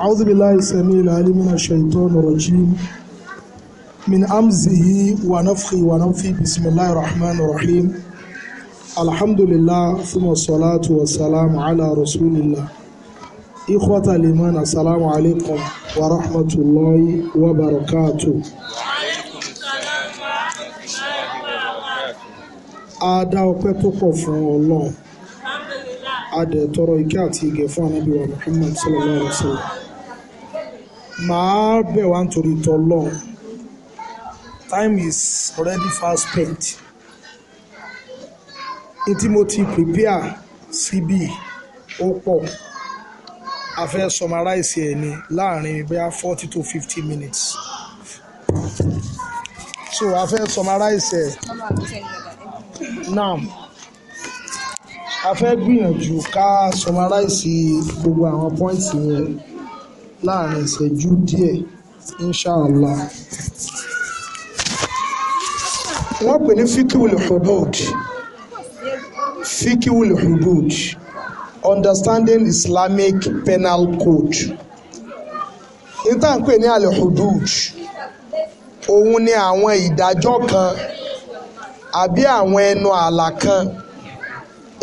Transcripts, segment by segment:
أعوذ بالله السميع العليم من الشيطان الرجيم من أمزه ونفخي ونفخه بسم الله الرحمن الرحيم الحمد لله ثم الصلاة والسلام على رسول الله إخوة الإيمان السلام عليكم ورحمة الله وبركاته a dá ọpẹ́ tó pọ̀ fún Ọlọ́run a dẹ̀ tọrọ ìkẹ́ àti ìgẹ̀ fún Ànábì Muhammad sallallahu alaihi wa sallam màá bẹ̀ wá nítorí tọ́lọ́ time is already fast spent ní tí mo ti prepare síbí ó pọ̀ a fẹ́ summarize ẹ̀ ní láàrin bóyá forty to fifty minutes so a fẹ́ summarize ẹ̀ now a fẹ́ gbìyànjú ká summarize gbogbo àwọn points yẹn láàrin ìṣẹ́jú díẹ̀ inshàlá. wọ́n pè ní fíkìwìlì hudud fíkìwìlì hudud understanding Islamic penal code níta ń pè ní àlè hudud òun ni àwọn ìdájọ́ kan àbí àwọn ẹnu ààlà kan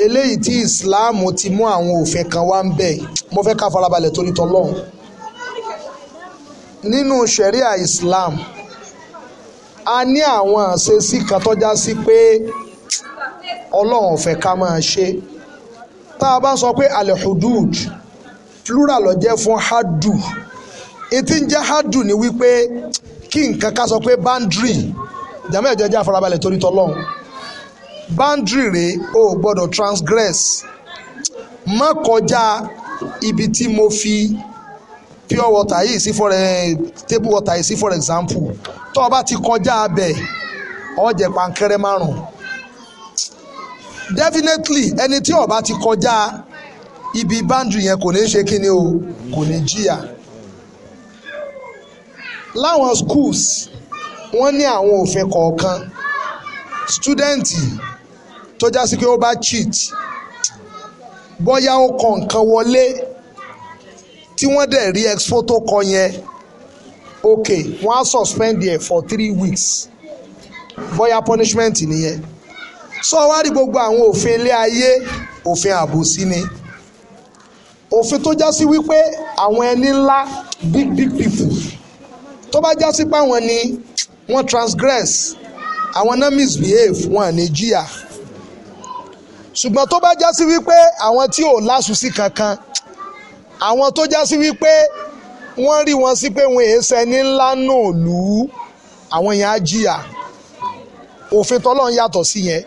eléyìí tí Islam ti mú àwọn òfin kan wá ń bẹ̀ mo fẹ́ ká farabalẹ̀ torí tọ́lọ́hún nínú ṣẹ̀ríà Islam a ní àwọn àṣesí kan tọ́já sí pé ọlọ́run ò fẹ́ ká máa ṣe tá a bá sọ pé alehudud plural ló jẹ́ fún hadu etí ń jẹ́ hadu ni wípé kí nǹkan ká sọ pé boundary jàmọ́ ẹ̀jẹ̀ jẹ́ àfarabalẹ̀ torí tọ́lọ́run boundary rèé o ò gbọ́dọ̀ transgress má kọjá ibi tí mo fi pure water yìí sí for table water yìí sí for example tó o bá ti kọjá abẹ ó jẹ pankẹrẹ márùn definitely ẹni tí ó bá ti kọjá ibi boundary yẹn kò ní ṣe kí ni o kò ní jìyà láwọn schools wọ́n ní àwọn òfin kọ̀ọ̀kan stúdẹ́ǹtì tó já sí pé ó bá cheat bóyá ó kọ nǹkan wọlé tí wọ́n dẹ̀ rí expo tó kọ yẹn ok wọ́n á suspend ẹ̀ for three weeks bóyá punishment nìyẹn So wá rí gbogbo àwọn òfin ilé ayé òfin àbòsí ni òfin tó já sí wípé àwọn ẹni ńlá big big people tó bá já sí pé àwọn ni wọ́n transgress àwọn náà misbehave wọn ní jìyà ṣùgbọ́n tó bá já sí wípé àwọn tí ò lásùsí kankan àwọn tó já sí wípé wọ́n rí wọn sí pé wọn èèṣẹ ní ńlá náà lù ú àwọn èèyàn á jìyà òfin tọ́lọ́run yàtọ̀ sí yẹn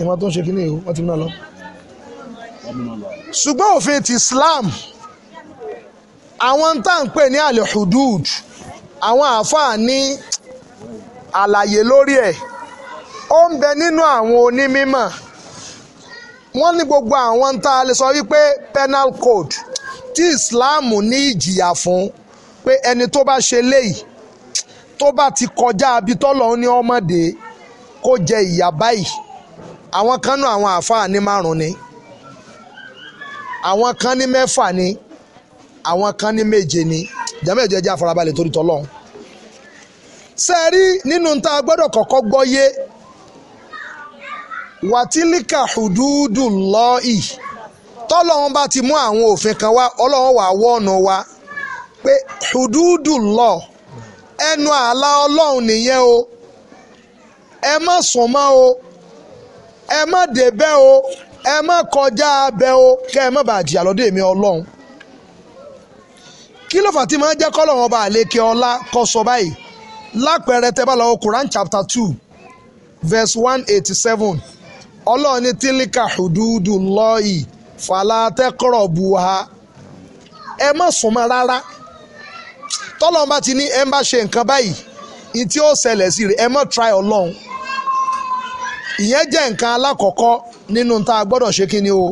ìmọ̀ tó ń ṣe kíní o wọ́n ti mú lọ. ṣùgbọ́n òfin ti Islam àwọn tá à ń pè ní àlè hudud àwọn àáfàá ní àlàyé lórí ẹ̀ ó ń bẹ nínú àwọn onímímọ̀ wọ́n ní gbogbo àwọn tá a lè sọ wípé penal code tí Islam ní ìjìyà fún pé ẹni tó bá ṣe léyìí tó bá ti kọjá abi tọ́lọ̀ ní ọmọdé kó jẹ ìyà báyìí àwọn kan náà àwọn àáfàá ní márùn ni àwọn kan ní mẹ́fà ni àwọn kan ní méje ni jàmbá ìjọ ẹjẹ àfarabalẹ̀ torí tọ́lọ́hún sẹ́ẹ̀rí nínú ta gbọ́dọ̀ kọ́kọ́ gbọ́yé wàtílíkà hùdúdù lọ́ọ̀ì tọ́lọ́run bá ti mú àwọn òfin kan wá ọlọ́run wà wa pé hùdúdù lọ ẹnu àlà ọlọ́run nìyẹn o ẹ má sùn mọ́ o ẹ má débẹ̀ o ẹ má kọjá abẹ o kẹ ẹ má bàa jìyà lọ́dọ̀ èmi ọlọ́run kí ló fà tí máa jẹ́ kọ́lọ́run ọba àlékè ọlá kọ́ sọ báyìí one eighty seven ọlọ́run ní tílíkà fàlàtẹ́ kọ̀rọ̀ bù ha ẹ má súnmọ́ rárá tọ́lọ́n ti ní ẹ bá ṣe nǹkan báyìí nti o ó ṣẹlẹ̀ sí ẹ má try ọlọ́run ìyẹn jẹ́ nǹkan alákọ̀ọ́kọ́ nínú tá a gbọ́dọ̀ ṣe kí ni o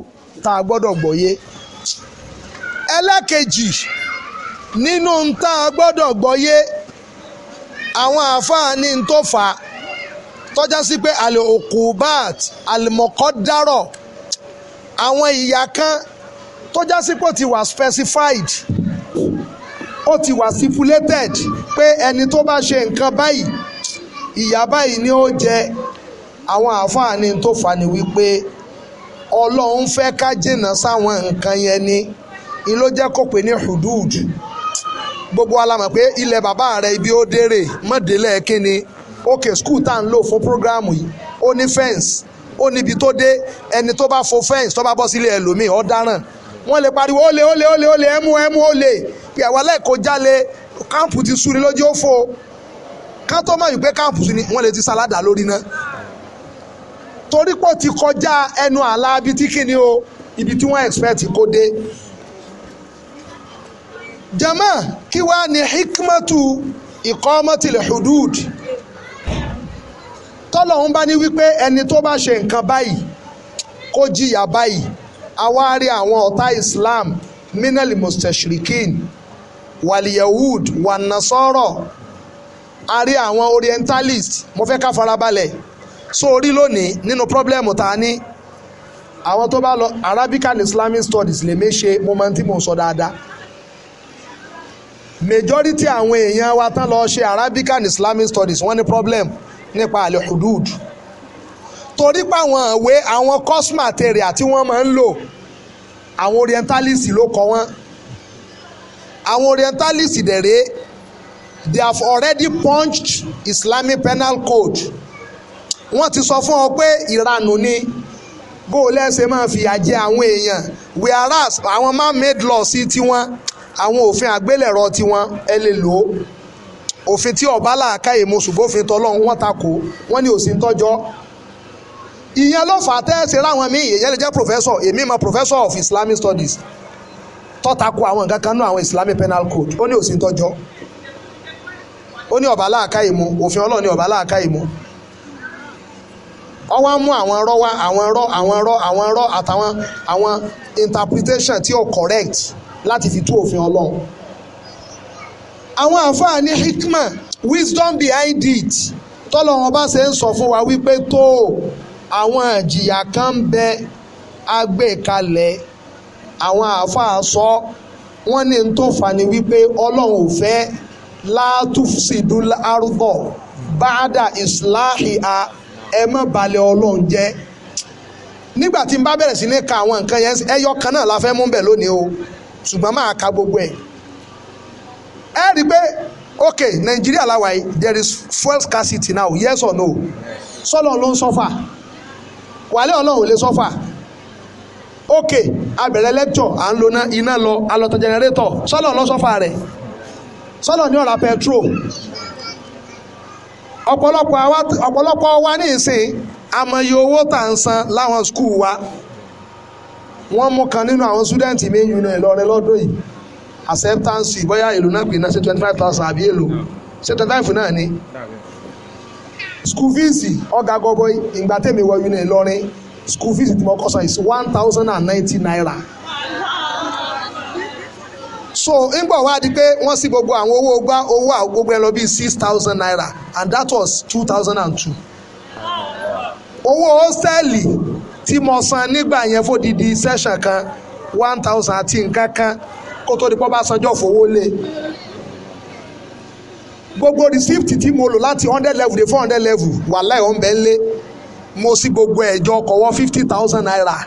tá a gbọ́dọ̀ gbọ́yé ẹlẹ́kejì nínú tá a gbọ́dọ̀ gbọ́yé àwọn àáfàá ní n tó fà tọ́já sí pé òkú bat àlè dárọ̀ àwọn ìyá kan tó já sí pé ó ti wà specified ó ti wà stipulated pé ẹni tó bá ṣe nǹkan báyìí ìyá báyìí ni ó jẹ àwọn àǹfààní tó fà ní wípé ọlọ́run fẹ́ ká jìnnà sáwọn nǹkan yẹn ni ló jẹ́ kó pè ní hudud gbogbo alamọ̀ pé ilẹ̀ bàbá rẹ̀ ibi ó dérè mọ̀délẹ̀ kínni ókè skul tá à ń lò fún prógráàmù yìí ó ní fẹ́ǹsì ó níbi tó dé ẹni tó bá fo fẹ́ǹsì tó bá bọ́ sílé ẹlòmíì ó dáràn wọ́n lè pariwo ó lè ó lè ó lè ó lè ẹmu ẹmu ó lè pé àwọn aláìkó jálè káàmpù ti sú ni lójú ó fò ká tó mọ̀ yìí pé káàmpù sú ni wọ́n lè ti sàládà lórí náà torí pọ̀ ti kọjá ẹnu àlà ibi tí kìíní o ibi tí wọ́n expect kó dé jama kí wàá ní hikmatu ìkọ́mọ́tìlẹ̀ hudud tọ́lọ́hún bá ní wípé ẹni tó bá ṣe nǹkan báyìí kó jìyà báyìí àwárí àwọn ọ̀tá Islam minal mustashrikin waliyahud wanasọ́rọ̀ àrí àwọn orientalist mo fẹ́ ká farabalẹ̀ so orí lónìí nínú problem tá a ní àwọn tó bá lọ Arabic Islamic studies lè mé ṣe mo máa ń tí mò ń sọ dáadáa majority àwọn èèyàn wa tán lọ ṣe Arabic Islamic studies wọ́n ní problem nípa àlè hudud torí pé àwọn ìwé àwọn course tí wọ́n máa ń lò àwọn orientalist ló kọ wọ́n àwọn orientalist dẹ̀rẹ́ they have already punched Islamic penal code wọ́n ti sọ fún ọ pé ìranù ni bó o lẹ́sẹ̀ máa fìyà jẹ àwọn èèyàn whereas àwọn man made law sí tiwọn àwọn òfin àgbélẹ̀rọ tiwọn ẹ lè lò ó òfin tí ọba làákàyè mo ṣùgbọ́n òfin tọlọ́run wọ́n ta kò wọ́n ní òsì ń tọ́jọ́ ìyẹn ló fà á tẹ́sí ráwọn míì èyẹ lè jẹ́ professor èmi mọ professor of Islamic studies tọ́ta kò àwọn nǹkan kan náà àwọn Islamic penal code ó ní òsì ń tọ́jọ́ ó ní ọba làákàyè mu òfin ọlọ́run ní ọba làákàyè mu ọ wá mú àwọn ọ̀rọ̀ wá àwọn ọ̀rọ̀ àwọn ọ̀rọ̀ àwọn ọ̀rọ̀ àtàwọn àwọn interpretation tí ò correct láti fi tú òfin ọlọ́run àwọn àfáà ní hikma wisdom behind it tọ́lọ̀ wọn bá ṣe ń sọ fún wa wípé tó àwọn ìjìyà kan ń bẹ agbékalẹ̀ àwọn àfáà sọ wọ́n ní n tó fà ní wípé ọlọ́run ò fẹ́ látúfsìdú arúgbọ̀ báádà ìsìláhìá ẹ má balẹ̀ ọlọ́run jẹ́ nígbà tí n bá bẹ̀rẹ̀ sí ní ka àwọn nǹkan yẹn ẹyọ kan náà la fẹ́ mú bẹ̀ lónìí o ṣùgbọ́n máa ka gbogbo ẹ̀ ẹ rí i pé ok nàìjíríà làwà yìí there is fuel scarcity now yes or no sọlọ ló ń sọfà wàlẹ́ ọlọ́run ò lè sọfà ok abẹ̀rẹ̀ lecture à ń lo iná lọ alọ́tọ̀ generator sọlọ ló sọfà rẹ̀ sọlọ ní ọ̀rà petrol ọ̀pọ̀lọpọ̀ wa ní ìsìn amòye owó tà ń san láwọn skul wa wọ́n mú kan nínú àwọn student mi yìí nínú Ìlọrin lọ́dún yìí acceptance fee bóyá èlò náà pè náà ṣe twenty five thousand àbí èlò ṣe twenty five náà ni school fees ọ̀gá gọ́gọ́ ìgbà tèmi wọ uni Ìlọrin school fees tí mo kọ́ san is one thousand and ninety naira so ngbọ̀ wá di pé wọ́n sì gbogbo àwọn owó gbá owó àgbogbo ẹ lọ bíi six thousand naira and that was two thousand and two owó hostẹ́ẹ̀lì tí mo san nígbà yẹn fódìdí sẹ́ṣàn kan one thousand àti nǹkan kan kó di pọ́ bá sanjọ́ fowó lé gbogbo receipt tí mo lò láti hundred level dé four hundred level wàhálà ẹ̀ ń bẹ́ ń lé mo sí gbogbo ẹ̀jọ́ kọ̀wọ́ fifty thousand naira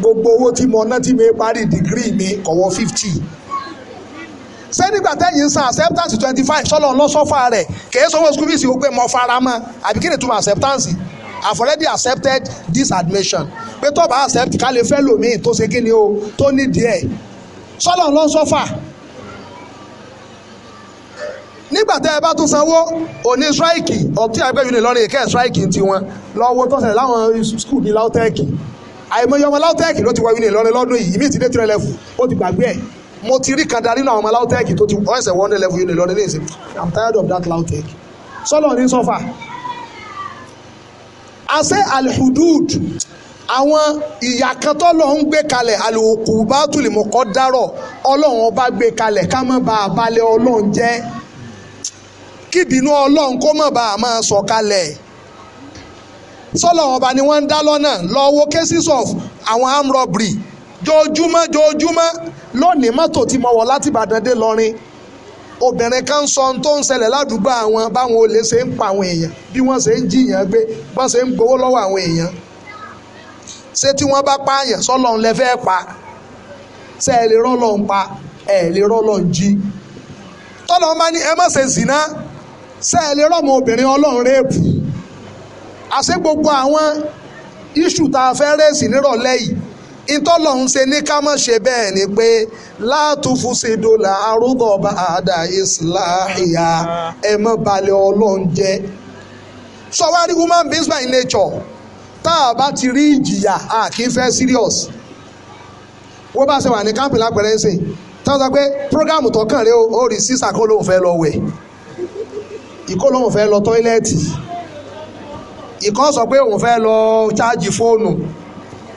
gbogbo owó tí mo ná tí mi parí degree mi kọ̀wọ́ fifty ṣé nígbà tẹ́yìn ń san acceptance twenty five sọ́lọ́ ọlọ́sọ́fà rẹ̀ kì í sanwó school fees o pé mo fara mọ́ àbí kí ni túmọ̀ acceptance I've already accepted this admission pé tó bá accept ká lè fẹ́ lòmíì tó ṣe kí ni o tó ní díẹ̀ sọ́lọ̀ ló ń sọ́fà nígbà tẹ́ ẹ bá tún sanwó òní ṣáìkì ọtí àgbẹ̀yìn lè lọ́rin ìkẹ́ ṣáìkì ti wọn lọ́wọ́ tó ṣẹlẹ̀ láwọn skul ní LAUTECH àìmọye ọmọ LAUTECH ló ti wọ ilé Ìlọrin lọ́dún yìí ìmíì ti dé tirẹ̀ lẹ́fù ó ti gbàgbé ẹ̀ mo ti rí kan darí náà ọmọ LAUTECH tó ti ọ̀ẹ́sẹ̀ wọ́n dé lẹ́fù ilé Ìlọrin ní ìsìn I'm tired of that LAUTECH sọ́lọ̀ ní sọ́fà àṣẹ alhudud àwọn ìyà kan tó lọ ń gbé kalẹ̀ àlòkù bá tùlì mọ́ kọ́ dárọ̀ ọlọ́run ọba gbé kalẹ̀ ká má bàa balẹ̀ ọlọ́run jẹ́ kíbínú ọlọ́run kó má bàa máa sọ̀ kalẹ̀ sọlọ́run ọba ni wọ́n ń dá lọ́nà lọ́wọ́ cases of àwọn arm robbery jojúmọ́ jojúmọ́ lónìí mọ́tò tí mo wọ̀ láti Ìbàdàn dé lọ́rin obìnrin kan sọ ohun tó ń ṣẹlẹ̀ ládùúgbò àwọn báwọn olè ṣe ń pa àwọn èèyàn bí wọ́n ṣe ń jiyàn gbé bọ́n ṣe ń gbowó lọ́wọ́ àwọn èèyàn ṣé tí wọ́n bá pààyàn sọ́lọ́run lẹ fẹ́ pa ṣé ẹ lè rọ́lọ́run pa ẹ lè rọ́lọ́run jí tọ́lọ́run bá ní ẹ má ṣe zìnà ṣé ẹ lè rọ́mọ obìnrin ọlọ́run réèpù àṣé gbogbo àwọn iṣu tá a fẹ́ rèsì nírọ̀lẹ́ yìí ìtọ́lọ́hún ṣe ní ká má ṣe bẹ́ẹ̀ ni pé látúfù sí dọ́là arúgbó bá àdá ìsìláhìá ẹ má balẹ̀ ọlọ́run jẹ́ sọ wá rí woman beings by nature tá a bá ti rí ìjìyà a kì í fẹ́ serious wọ́n bá ṣe wà ní kámpì lápẹ̀rẹ́ ń sìn tá a sọ pé prógámù tó kàn rẹ ó rí sísà kó lóun fẹ́ lọ wẹ̀ ìkó lóun fẹ́ lọ tọ́ílẹ̀tì ìkọ́ sọ pé òun fẹ́ lọ ṣáàjì fóònù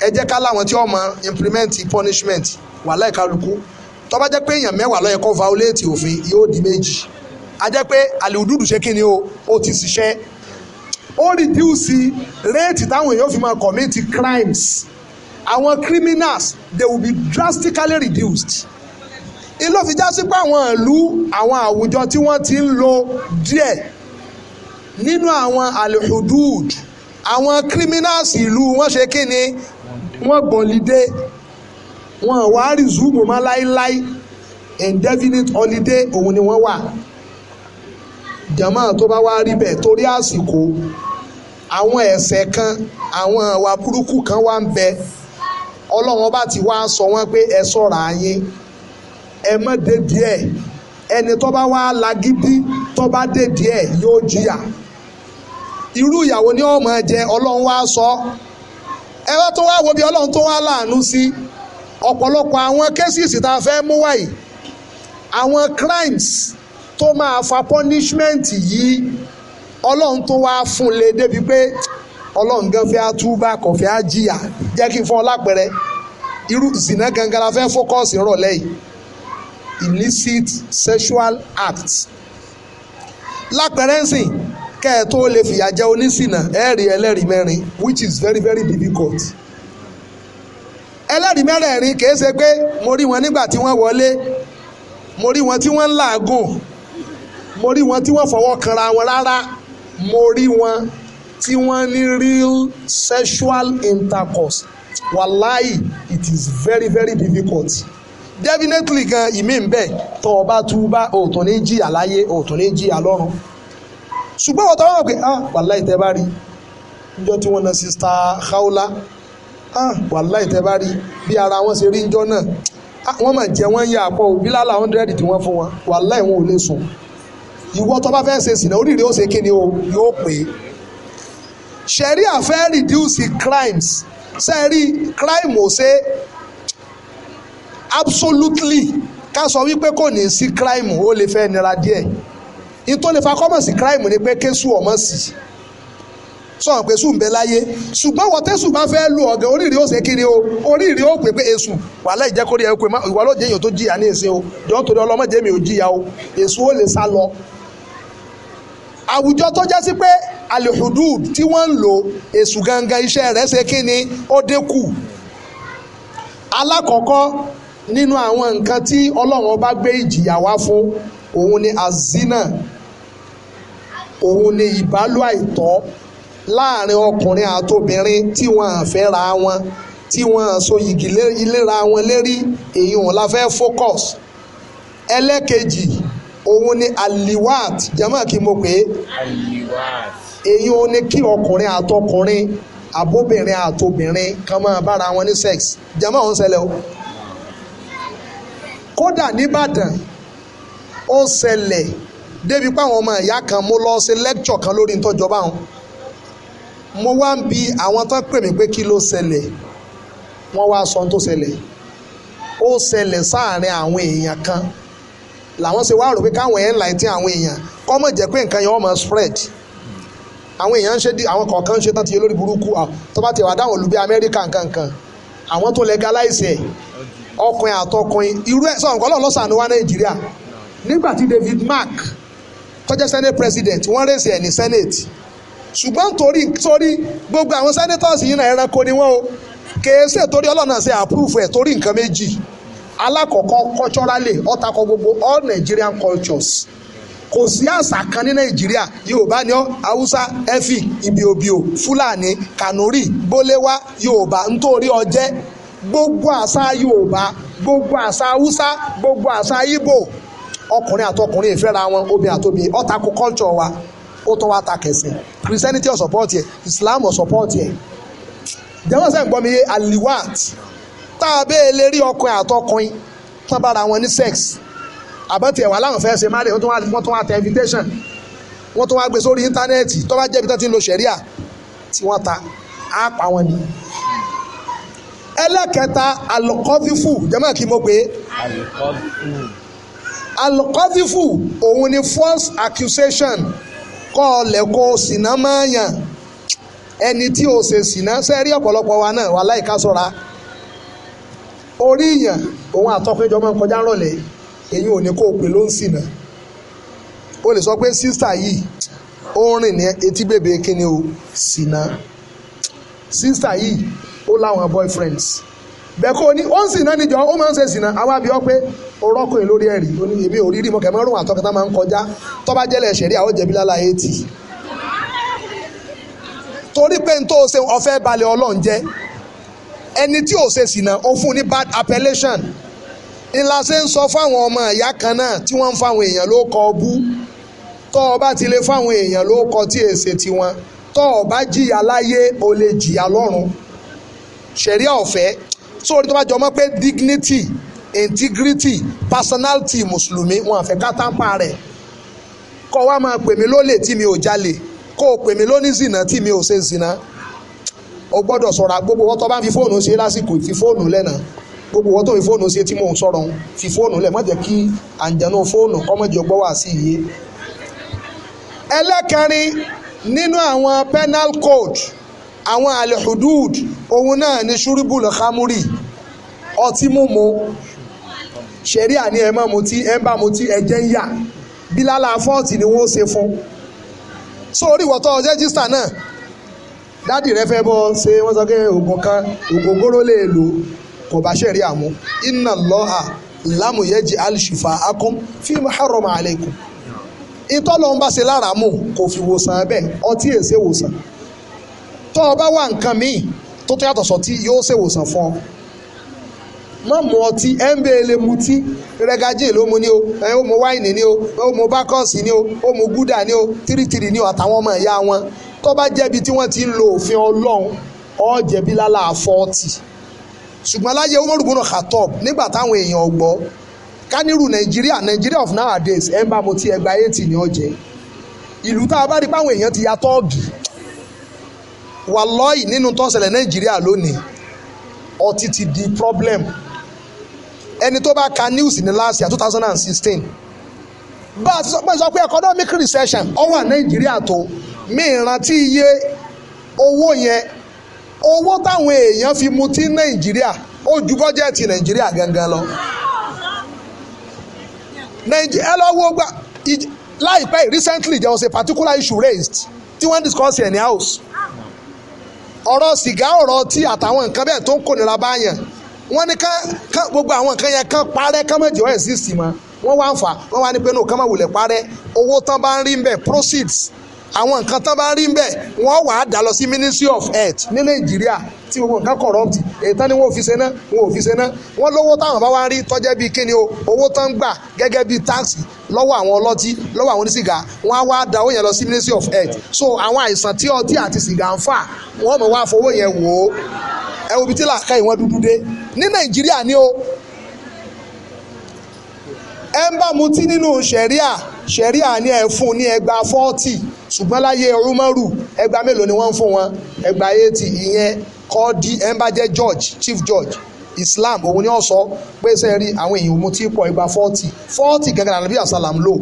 ẹ jẹ́ ká láwọn tí ọmọ implement punishment wà láìkálukú tó bá jẹ́ pé èèyàn mẹ́wàá ló yẹ kó violate òfin yóò di méjì a jẹ́ pé àlè òdúdù ṣe kí ni o ó ti ṣiṣẹ́ ó reduce rate táwọn èèyàn fi máa commit crimes àwọn criminals they will be drastically reduced ìlú fi já sí pé àwọn ìlú àwọn àwùjọ tí wọ́n ti ń lo díẹ̀ nínú àwọn alihudud àwọn criminals ìlú wọ́n ṣe kí ni wọ́n gbọ̀nlidé wọ́n wá resume mọ́ láíláí indefinite holiday òun ni wọ́n wà jàmá tó bá wá rí bẹ́ẹ̀ torí àsìkò àwọn ẹ̀ṣẹ̀ kan àwọn àwa burúkú kan wá ń bẹ ọlọ́run ọba ti wá sọ wọ́n pé ẹ sọ̀rọ̀ ayé ẹ mọ̀ dé díẹ̀ ẹni tó bá wá lagídí tó bá dé díẹ̀ yóò jìyà irú ìyàwó ni ọmọ jẹ ọlọ́run wá sọ ẹ wá tó wá wo bí ọlọ́run tó wá láàánú sí ọ̀pọ̀lọpọ̀ àwọn kéṣìṣì tá a fẹ́ mú wáyìí àwọn crimes tó máa fa punishment yìí ọlọ́run tó wá fún le débi pé ọlọ́run gan fẹ́ àtúbà kò fẹ́ àjìyà jẹ́ kí n fún ọ lápẹẹrẹ irú zina gangan la fẹ́ fọ́kọ́sì rọ̀lẹ́ yìí illicit sexual acts lápẹẹrẹ ń sìn kẹ́ ẹ̀ tó lè fìyà jẹ onísìnà ẹ̀rí ẹlẹ́rìí mẹ́rin which is very very difficult ẹlẹ́rìí mẹ́rẹ̀ẹ̀rin kìí ṣe pé mo rí wọn nígbà tí wọ́n wọlé mo rí wọn tí wọ́n ń làágùn mo rí wọn tí wọ́n fọwọ́ kanra wọn rárá mo rí wọn tí wọ́n ní real sexual intercourse wàláì it is very very difficult definitely gan ìmí ń bẹ tó o bá tú bá òòtún ní jìyà láyé òòtún ní jìyà lọ́run ṣùgbọ́n wọ́n tọ́wọ́ pé ah wàláì tẹ́ bá rí níjọ́ tí wọ́n na sista Khawla ah wàláì tẹ́ bá rí bí ara wọn ṣe rí níjọ́ náà ah, wọ́n mà jẹ́ wọ́n yà àpọ̀ òbí lálà hundred tí wọ́n fún wọn wàláì wọn ò lè sùn ìwọ tó bá fẹ́ ṣe sìnà oríire ó ṣe kí ni o yóò pè é ṣẹ̀ríà fẹ́ reduce crimes ṣẹ́ẹ̀rí crime ò ṣe absolutely ká sọ wípé kò ní sí crime ó lè fẹ́ nira díẹ̀ ìtò lè fa kọ́mọ̀ sí crime ni pé késù ọmọ sí sọ̀rọ̀ pé sùn bẹ láyé ṣùgbọ́n wọ́n tẹ́sù bá fẹ́ lu ọ̀gẹ̀ oríire ó ṣe kiri o oríire ó pè pé èṣù wàhálà ìjẹ́kórí ẹ̀ pé ìwà ló jẹ́ èèyàn tó jìyà ní èsì o jọ́n torí ọlọ́mọ jẹ́mi ò jìyà o èṣù ó lè sá lọ àwùjọ tó jẹ́ sí pé alihudud tí wọ́n ń lò èṣù gangan iṣẹ́ rẹ̀ ṣe kí ni ó dínkù alákọ̀ọ́kọ́ nínú àwọn nǹkan tí ọlọ́run bá gbé ìjìyà wá fún òun ni azina òun ni ìbálò àìtọ́ láàrin ọkùnrin àtobìnrin tí wọ́n á fẹ́ra wọn tí wọ́n á so yìgì ìlera wọn lérí èyí wọn la fẹ́ focus ẹlẹ́kejì. E òun ni aliwat jama kí mo pè é aliwat èyí ò ní kí ọkùnrin àtọkùnrin àbóbìnrin àtobìnrin kan máa bára wọn ní sex jama ò ń ṣẹlẹ̀ o kódà nìbàdàn ó ṣẹlẹ̀ débi páwọn ọmọ ìyá kan mo lọ ṣe lẹ́kṣọ̀ kan lórí ìtọ́jọba wọn mo wá ń bi àwọn tó pè mí pé kí ló ṣẹlẹ̀ wọ́n wá sọ ohun tó ṣẹlẹ̀ ó ṣẹlẹ̀ sáàárín àwọn èèyàn kan làwọn ṣe wá rò pé káwọn ẹ̀ ń láì tí àwọn èèyàn kọ́ mọ̀ jẹ́ pé nǹkan yẹn wọ́n mọ̀ spread àwọn èèyàn ń ṣe di àwọn kọ̀ọ̀kan ń ṣe tán ti yé lórí burúkú tó bá ti wà dáhùn olùgbé amẹ́ríkà nǹkan nǹkan àwọn tó legalize ẹ̀ ọkùnrin àtọkùnrin irú ẹ̀ sọ̀rọ̀ kọ́lọ́ lọ́sàánú wa nàìjíríà nígbà tí David Mark tó jẹ́ senate president wọ́n rèsì ẹ̀ ní senate ṣùgbọ́n torí torí gbogbo àwọn senators yìí náà ẹranko ni wọ́n o kèé ṣètorí ọlọ́run ṣe approve ẹ̀ torí nǹkan méjì alákọ̀ọ́kọ́ culturally ó gbogbo all Nigerian cultures kò sí àṣà kan ní nàìjíríà yorùbá ni ọ haúsá ẹfì ibiobio fúlàní kanuri bóléwá yorùbá nítorí ọjẹ́ gbogbo àṣà yorùbá gbogbo àṣà haúsá gbogbo àṣà ibo ọkùnrin àtọkùnrin ìfẹ́ra wọn obìnrin àtobìnrin culture wa ó ta tá a bẹ́ẹ̀ lè rí ọkùnrin àtọkùnrin tán bára wọn ní sex àbọ̀tì ẹ̀wà láwọn fẹ́ẹ́ ṣe má lè wọ́n tún wá tẹ invitation wọ́n tún wá gbé sórí íńtánẹ́ẹ̀tì tó bá jẹ́bi tán ti ń lo sẹ̀ríà tí wọ́n ta á pa wọn ni. ẹlẹ́kẹta alukọ́fífù jẹ́mọ̀ kí mo pé alukọ́fífù òun ni false accusation kọ́ ọ lẹ́kọ́ sìnà máa yàn ẹni tí o ṣe sìnà sẹ́rí ọ̀pọ̀lọpọ̀ wa náà wà láìka sọ̀ra. So orí èèyàn òun àtọkùnrin jọ máa ń kọjá rọ̀lẹ́ èyí ò ní kó o pè ló ń o lè sọ pé sísà yìí ó ń rìn ní o sìnà sísà yìí ó láwọn boyfriends bẹ́ẹ̀ kó o ní ó ń níjọ ó máa ń ṣe ọ pé o rọ́kùnrin lórí ẹ̀rí o ní èmi ò rí rí mọ́ kẹ́mọ́ rún àtọkùnrin máa ń kọjá tọ́ba jẹ́lẹ̀ ṣẹ̀rí àwọn jẹ̀bi lálá torí pé n tó o ṣe ẹni tí ò ṣe sìnà ó fún ní bad appellation ńlá ṣe ń sọ fáwọn ọmọ ìyá kan náà tí wọ́n ń fáwọn èèyàn ló kọ bú tọ́ ọ bá ti lè fáwọn èèyàn ló kọ tí èsè tiwọn tọ́ ọ bá jìyà láyé o lè jìyà lọ́run ṣẹ̀ríà ọ̀fẹ́ sórí tó bá jọ mọ́ pé dignity integrity personality mùsùlùmí wọn àfẹ́ kátàpá rẹ̀ kọ́ wa máa pè mí lólè tí mi ò jalè kó o pè mí lónìí zìnà tí mi ò ṣe zìnà o gbọ́dọ̀ ṣọ́ra gbogbo wọn tó bá ń fi fóònù ṣe lásìkò fi fóònù lẹ́nà gbogbo wọn tó fi fóònù ṣe tí mò ń sọ̀rọ̀ fi fóònù lẹ̀ má jẹ́ kí àǹjẹ̀nú fóònù kọ́mọ̀jì ọgbọ́ wà sí iye. ẹlẹ́kẹrin nínú àwọn penal code àwọn alihudud òun náà ni ṣurubul khamuri ọtí mímu ṣẹ̀rí àní ẹ̀ má mutí ẹ̀ ń bá mutí ẹ̀jẹ̀ ń yà bílálà fọ́ọ̀tì ni wọ́n ṣe fún. sórí ìwọ̀tọ̀ rẹ́gísítà náà dádì rẹ fẹ́ ṣe wọn sọ pé oògùn kan oògùn gbóró lè lò kò bá àmú inna lọ lámù yẹ akún fi haram alaykum ìtọ́lọ́ ń bá ṣe lára mú kò fi wòsàn ẹ bẹ́ẹ̀ ọtí èsè wòsàn tọ́ ọ bá wà nǹkan míì tó tó yàtọ̀ mu ọtí ẹ ń bẹ ele mutí rẹgajì ló mu ní o ẹ ó mu wáìnì ọmọ wọn tó bá jẹ̀bi tí wọ́n ti ń lo òfin ọlọ́run ó jẹ̀bi lálá fọ́ọ̀tì ṣùgbọ́n láyé Umaru bùnà Khattab nígbà táwọn èèyàn gbọ́ kánírù Nàìjíríà Nàìjíríà of nowadays ẹ̀ ń bá mo ti ẹgbàá eighty ní ọ̀jẹ̀ ìlú tá a bá rí páwọn èèyàn ti ya tọ́ọ̀gì wàlọ́ọ̀yì nínú tó ń ṣẹlẹ̀ Nàìjíríà lónìí ọtí ti di problem ẹni tó bá ka news ní last year two thousand and sixteen bá a ti sọ pé ẹ̀kọ́dọ́mí recession ó wà Nàìjíríà tó mi ìrántí iye owó yẹn owó táwọn èèyàn fi mutí nàìjíríà ó ju bọ́jẹ̀tì nàìjíríà gangan lọ nàìjíríà lọ wo gba láìpẹ́ recently there was a particular issue raised tí wọ́n discuss in the house ọ̀rọ̀ sìgá ọ̀rọ̀ tí àtàwọn nǹkan bẹ́ẹ̀ tó ń kónira báyàn wọ́n ní kán gbogbo àwọn nǹkan yẹn kán parẹ́ kán mọ̀jọ́ ẹ̀ sí sí mọ́ wọ́n wá ń fà wọ́n wá ní pé nù kán mọ̀ wùlẹ̀ parẹ́ owó tán bá ń rí ń proceeds àwọn nǹkan tán bá rí ń wọ́n wà á dà lọ sí ministry of health ní nàìjíríà tí gbogbo nǹkan corrupt ètò ni wọn ò fi ṣe náà wọn ò fi ṣe náà wọn lówó táwọn bá wá rí tọ́jẹ́ bíi kíni o owó tán ń gbà gẹ́gẹ́ bíi tax lọ́wọ́ àwọn ọlọ́tí lọ́wọ́ àwọn onísìgá wọn á wá da owó yẹn lọ sí ministry of health so àwọn àìsàn tí ọtí àti sìgá ń fà wọn mọ̀ wá fowó yẹn wò ó ẹ wo ibi tí làákàyè wọn dúdú dé ní nàìjíríà ni o ẹ ń bá mutí nínú ṣẹ̀ríà ṣẹ̀ríà ni ẹ fún ní ẹgbà fọ́ọ̀tì ṣùgbọ́n láyé rúmọ́rù ẹgbà mélòó ni wọ́n ń fún wọn ẹgbà eighty ìyẹn kọ́ di ẹ ń bá jẹ́ judge chief judge Islam òun ni ó sọ pé sẹ́ẹ̀rí àwọn èèyàn mutí pọ̀ ẹgbà fọ́ọ̀tì fọ́ọ̀tì gẹ́gẹ́ àlàbí àsálàm lò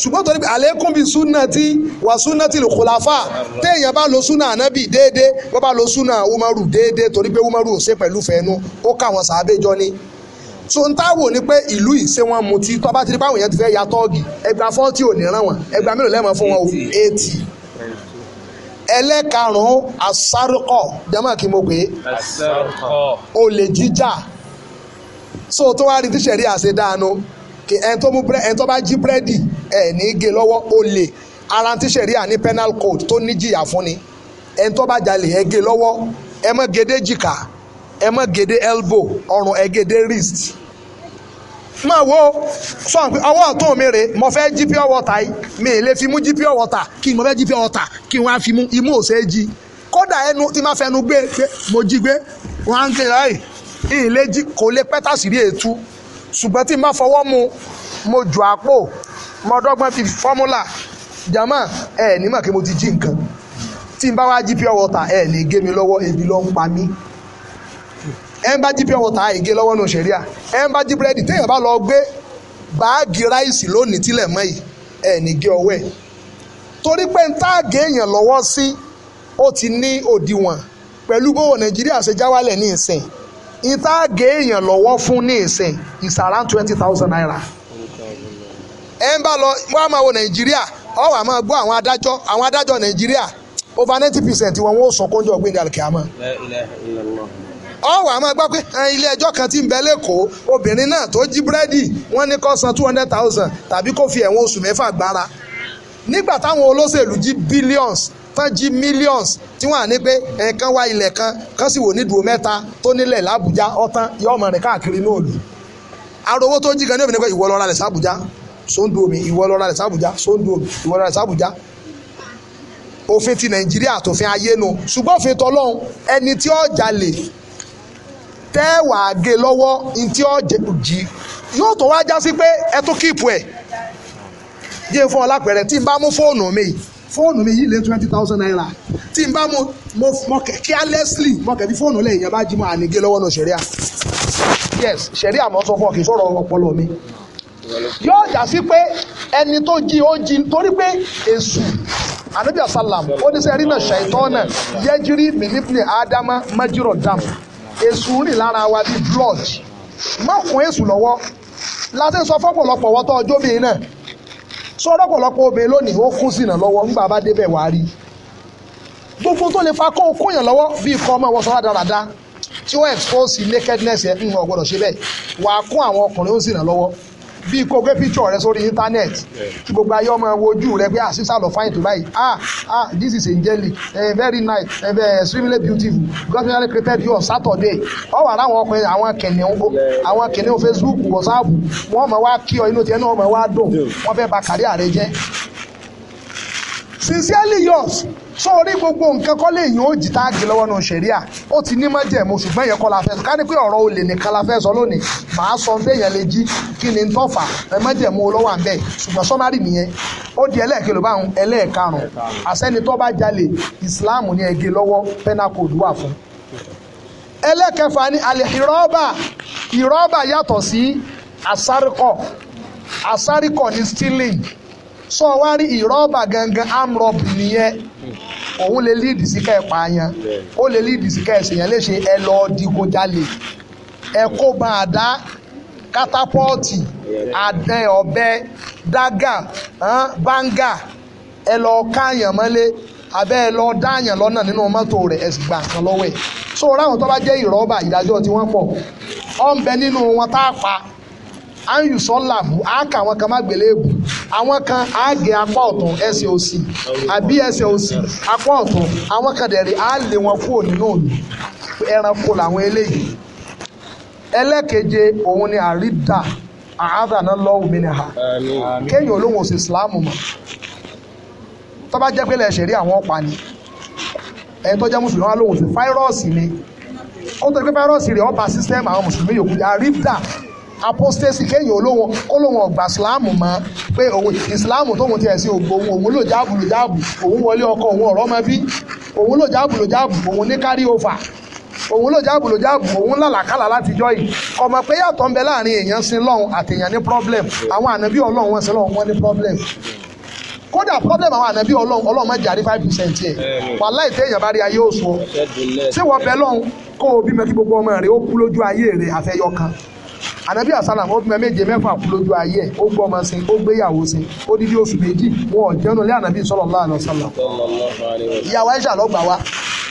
ṣùgbọ́n torí pé àlékún bíi súnà tí wà súnà tí lùkùláfà téèyàn bá lo súnà ànábì déédéé bó bá lo súnà umaru déédéé torí pé umaru ò ṣe pẹ̀lú fẹ́ẹ́nu ó káwọn sàábéjọ ni so n táwò ni pé ìlú yìí ṣé wọ́n mutí tó bá ti di pé àwọn èèyàn ti fẹ́ ya tọ́ọ̀gì ẹgbàá fọ́ọ̀tì ò ní ràn wọ́n ẹgbàá mélòó lẹ́mọ̀ fún wọn o eighty ẹlẹ́karùn-ún asárúkọ̀ jẹ́mọ̀ kí mo pè é olè jíjà so tó wá rí tíṣẹ̀rí àṣedáàánú kí ẹni tó mú ẹni tó bá jí búrẹ́dì ẹ̀ ní í gé lọ́wọ́ olè ara tíṣẹ̀rí à ní penal code tó níjìyà fún ni ẹni tó bá jalè ẹ gé lọ́wọ́ ẹ mọ́ gédé jìkà ẹ mọ́ gédé elbow ọrùn ẹ gédé wrist ma wo sọ pé ọwọ́ ọ̀tún mi rè mo fẹ jí pure water yìí mi ì fi jí pure water kí mo fẹ jí pure water kí n wá fi imú òsè jí kódà ẹnu tí máa fẹnu gbé pé mo jí gbé wọn á ń láì ìyìn lè jí kò lè n bá fọwọ́ mu mo jù àpò mo dọ́gbọ́n fi jama ẹ ní ti jí nǹkan tí n bá wá jí lè gé mi lọ́wọ́ ebi ló ń pa mí. ẹ̀ ń bá jí pure water àìgé lọ́wọ́ nù sẹ̀ríà ẹ̀ ń bá jí búrẹ́dì téèyàn bá lọ gbé báàgì ráìsì lónìí tílẹ̀ mọ́ yìí ẹ̀ ní gé ọwọ́ ẹ̀ torí pé ń táàgé èèyàn lọ́wọ́ sí ó ti ní òdiwọ̀n pẹ̀lú bówó nàìjíríà ṣe jáwálẹ̀ ní ìsìn ń táàgé èèyàn lọ́wọ́ fún ní ìsìn is around twenty thousand naira ẹ̀ ń bá lọ wọ́n á máa wo nàìjíríà ọ̀ wà máa gbọ́ àwọn adájọ́ àwọn adájọ́ nàìjíríà over ninety percent wọn wọ́n sọ kóńjọ́ gbẹ̀dẹ̀ àlùkìyámà ọ̀wà máa gbọ́ pé ilé ẹjọ́ kan ti ń bẹ lẹ́kọ̀ọ́ obìnrin náà tó jí búrẹ́dì wọ́n ní kó san two hundred thousand tàbí kó fi ẹ̀wọ̀n oṣù mẹ́fà gbára nígbà táwọn olóṣèlú jí billions tán jí millions tí wọ́n á ní pé ẹ̀ẹ̀kan wá ilẹ̀ kan kan sì wò nídùú mẹ́ta tó nílẹ̀ làbújá ọ̀tán yóò máa rìn káàkiri náà lù arówó tó jí gan ní òmìnira òfin ti nàìjíríà tòfin ayé nu ṣùgbọ́n òfin tọlọ́hun ẹni tí ó jalè tẹ́wàá gé lọ́wọ́ ntí ọ̀jẹ̀ jí yóò tó wá já sí pé ẹ tó kíìpù ẹ̀ yé fún ọ lápẹ̀rẹ̀ tí n bá mú fóònù mi fóònù mi yìí lé twenty thousand naira tí n bá mú mo mọ kẹ̀kẹ́ alẹ́sìlì mọ kẹ̀kẹ́ fóònù lẹ́yìn yẹn bá jí mọ ànígé lọ́wọ́ náà ṣẹ̀ríà yes ṣẹ̀ríà mọ́ sọ fún ọ kì í sọ̀rọ̀ ọpọlọ mi yóò jà sí pé ẹni tó jí ó jí torí pé èṣù anabi asalam ó ní sẹ́yìn rí náà ṣàìtọ́ náà yẹ́jírí mìlípìlì ádámá májírọ̀ dáàmù èṣù ń rìn lára wa bíi blood má kún èṣù lọ́wọ́ láti sọ fọ́pọ̀lọpọ̀ wọ́tọ́ ọjọ́ bíi náà sọ ọ̀pọ̀lọpọ̀ obìnrin lónìí ó kún sínà lọ́wọ́ ńgbà bá débẹ̀ wá rí gbogbo tó lè fa kó o kóyàn lọ́wọ́ bíi kọ́ ọmọ ìwọ̀sán rádaràda tí wọ́n expose nakedness ẹ̀ ń wọ́n gbọ́dọ̀ ṣe bẹ́ẹ̀ wàá kún àwọn ọkùnrin ó sínà lọ́wọ́ bíi kó gbé picture rẹ sórí internet kí gbogbo ayé ọmọ wojú rẹ pé àṣìṣà ah, lọ fáyìn tó báyìí ah ah this is angelic eh, very nice very eh, extremely beautiful Because we are created here on Saturday ọwọ́ àrà àwọn ọkùnrin àwọn kìnìún àwọn kìnìún Facebook WhatsApp wọ́n mọ̀ wá kí ọ inú tiẹ̀ náà mọ̀ wá dùn wọ́n fẹ́ bà kàrí àrẹ jẹ́ sincerely yours sọ orí gbogbo nǹkan kọ́ lè yàn ó jì táàgì lọ́wọ́ náà ṣẹ̀ríà ó ti ní májẹ̀mú ṣùgbọ́n ìyẹn kọ́ la fẹ́ sọ ká ní pé ọ̀rọ̀ olè nìkan la fẹ́ sọ lónìí màá sọ béèyàn lè jí kí ni tọ́fà ẹ májẹ̀mú olówó à ń bẹ̀ ṣùgbọ́n sọ́márì nìyẹn ó di ẹlẹ́ẹ̀kẹ́ ló bá ń ẹlẹ́ẹ̀karùn-ún àṣẹ́ni bá jalè ìsìláàmù ní ẹgẹ lọ́wọ́ penal fún ẹlẹ́kẹfà ni àlèhìrọ́bà ìrọ́bà yàtọ̀ sọ wá rí ìrọ́bà gangan amrop nìyẹn òun lè líìdì sí ká ẹ̀ pààyàn ó lè líìdì sí ká ẹ̀ ṣèyàn léṣe ẹ lọ digunjalè ẹ kó bá a dá katapọ́ọ̀tì àdẹ ọ̀bẹ dágà báńgà ẹ lọ káàyàn mọ́lé abẹ́ ẹ lọ dáàyàn lọ́nà nínú mọ́tò rẹ̀ ẹ sì gbà kan lọ́wọ́ ẹ̀ so ráwọn tó bá jẹ́ ìrọ́bà ìdájọ́ tí wọ́n pọ̀ ọ̀ ń bẹ nínú wọn tá a pa áyù sọ́là àákà àwọn kan má gbélé èbù àwọn kan àágé apá ọ̀tún ẹsẹ̀ òsì àbí ẹsẹ̀ òsì apá ọ̀tún àwọn kan dẹ̀rẹ̀ á lé wọn kúrò nínú òní ẹranko làwọn eléyìí ẹlẹ́keje òun ni àrídà àádàna lọ́wọ́ mi ni ha kéèyàn olóhùn òsì ìsìláàmù mọ̀ tó bá jẹ́ pé lè ṣẹ̀rí àwọn ọ̀pá ni ẹni tó jẹ́ mùsùlùmí wọn lóhùn òsì fáírọ́ọ̀sì ni ó tó ní pé fáírọ́ọ̀sì rẹ̀ ọ̀pá sísẹ́mù àwọn mùsùlùmí yòókù apostasy kéèyàn olóhùn kólóhùn ọ̀gbà islam mọ́ pé òun islam tóun ti ẹ̀sìn ògbó òun òun lò jáàbù lò jáàbù òun wọlé ọkọ òun ọ̀rọ̀ ọmọ bí òun lò jáàbù lò jáàbù òun ní carry over òun lò jáàbù lò jáàbù òun làlàkàlà láti jọ yìí ọmọ pé yàtọ̀ ń bẹ láàrin èèyàn sin lọ́hùn àti èèyàn ní problem àwọn ànábì ọlọ́hun wọn lọ́hùn wọn ní problem kódà problem àwọn ànábì ọlọ́run ọlọ́run má jàrí five percent yẹ wàláì téèyàn bá rí ayé òṣùwọ̀n ṣé wọ́n bẹ lọ́hùn kó o bímọ kí gbogbo ọmọ rẹ ó kú lójú ayé rẹ àfẹyọkan ànábì àsálà ó bímọ méje mẹ́fà lójú ayé ó gbọ́ ọmọ sin ó gbéyàwó sin ó dídí oṣù méjì wọn jẹun lé ànábì sallallahu alaihi wasallam. ìyàwó Aisha lọ́gbà wa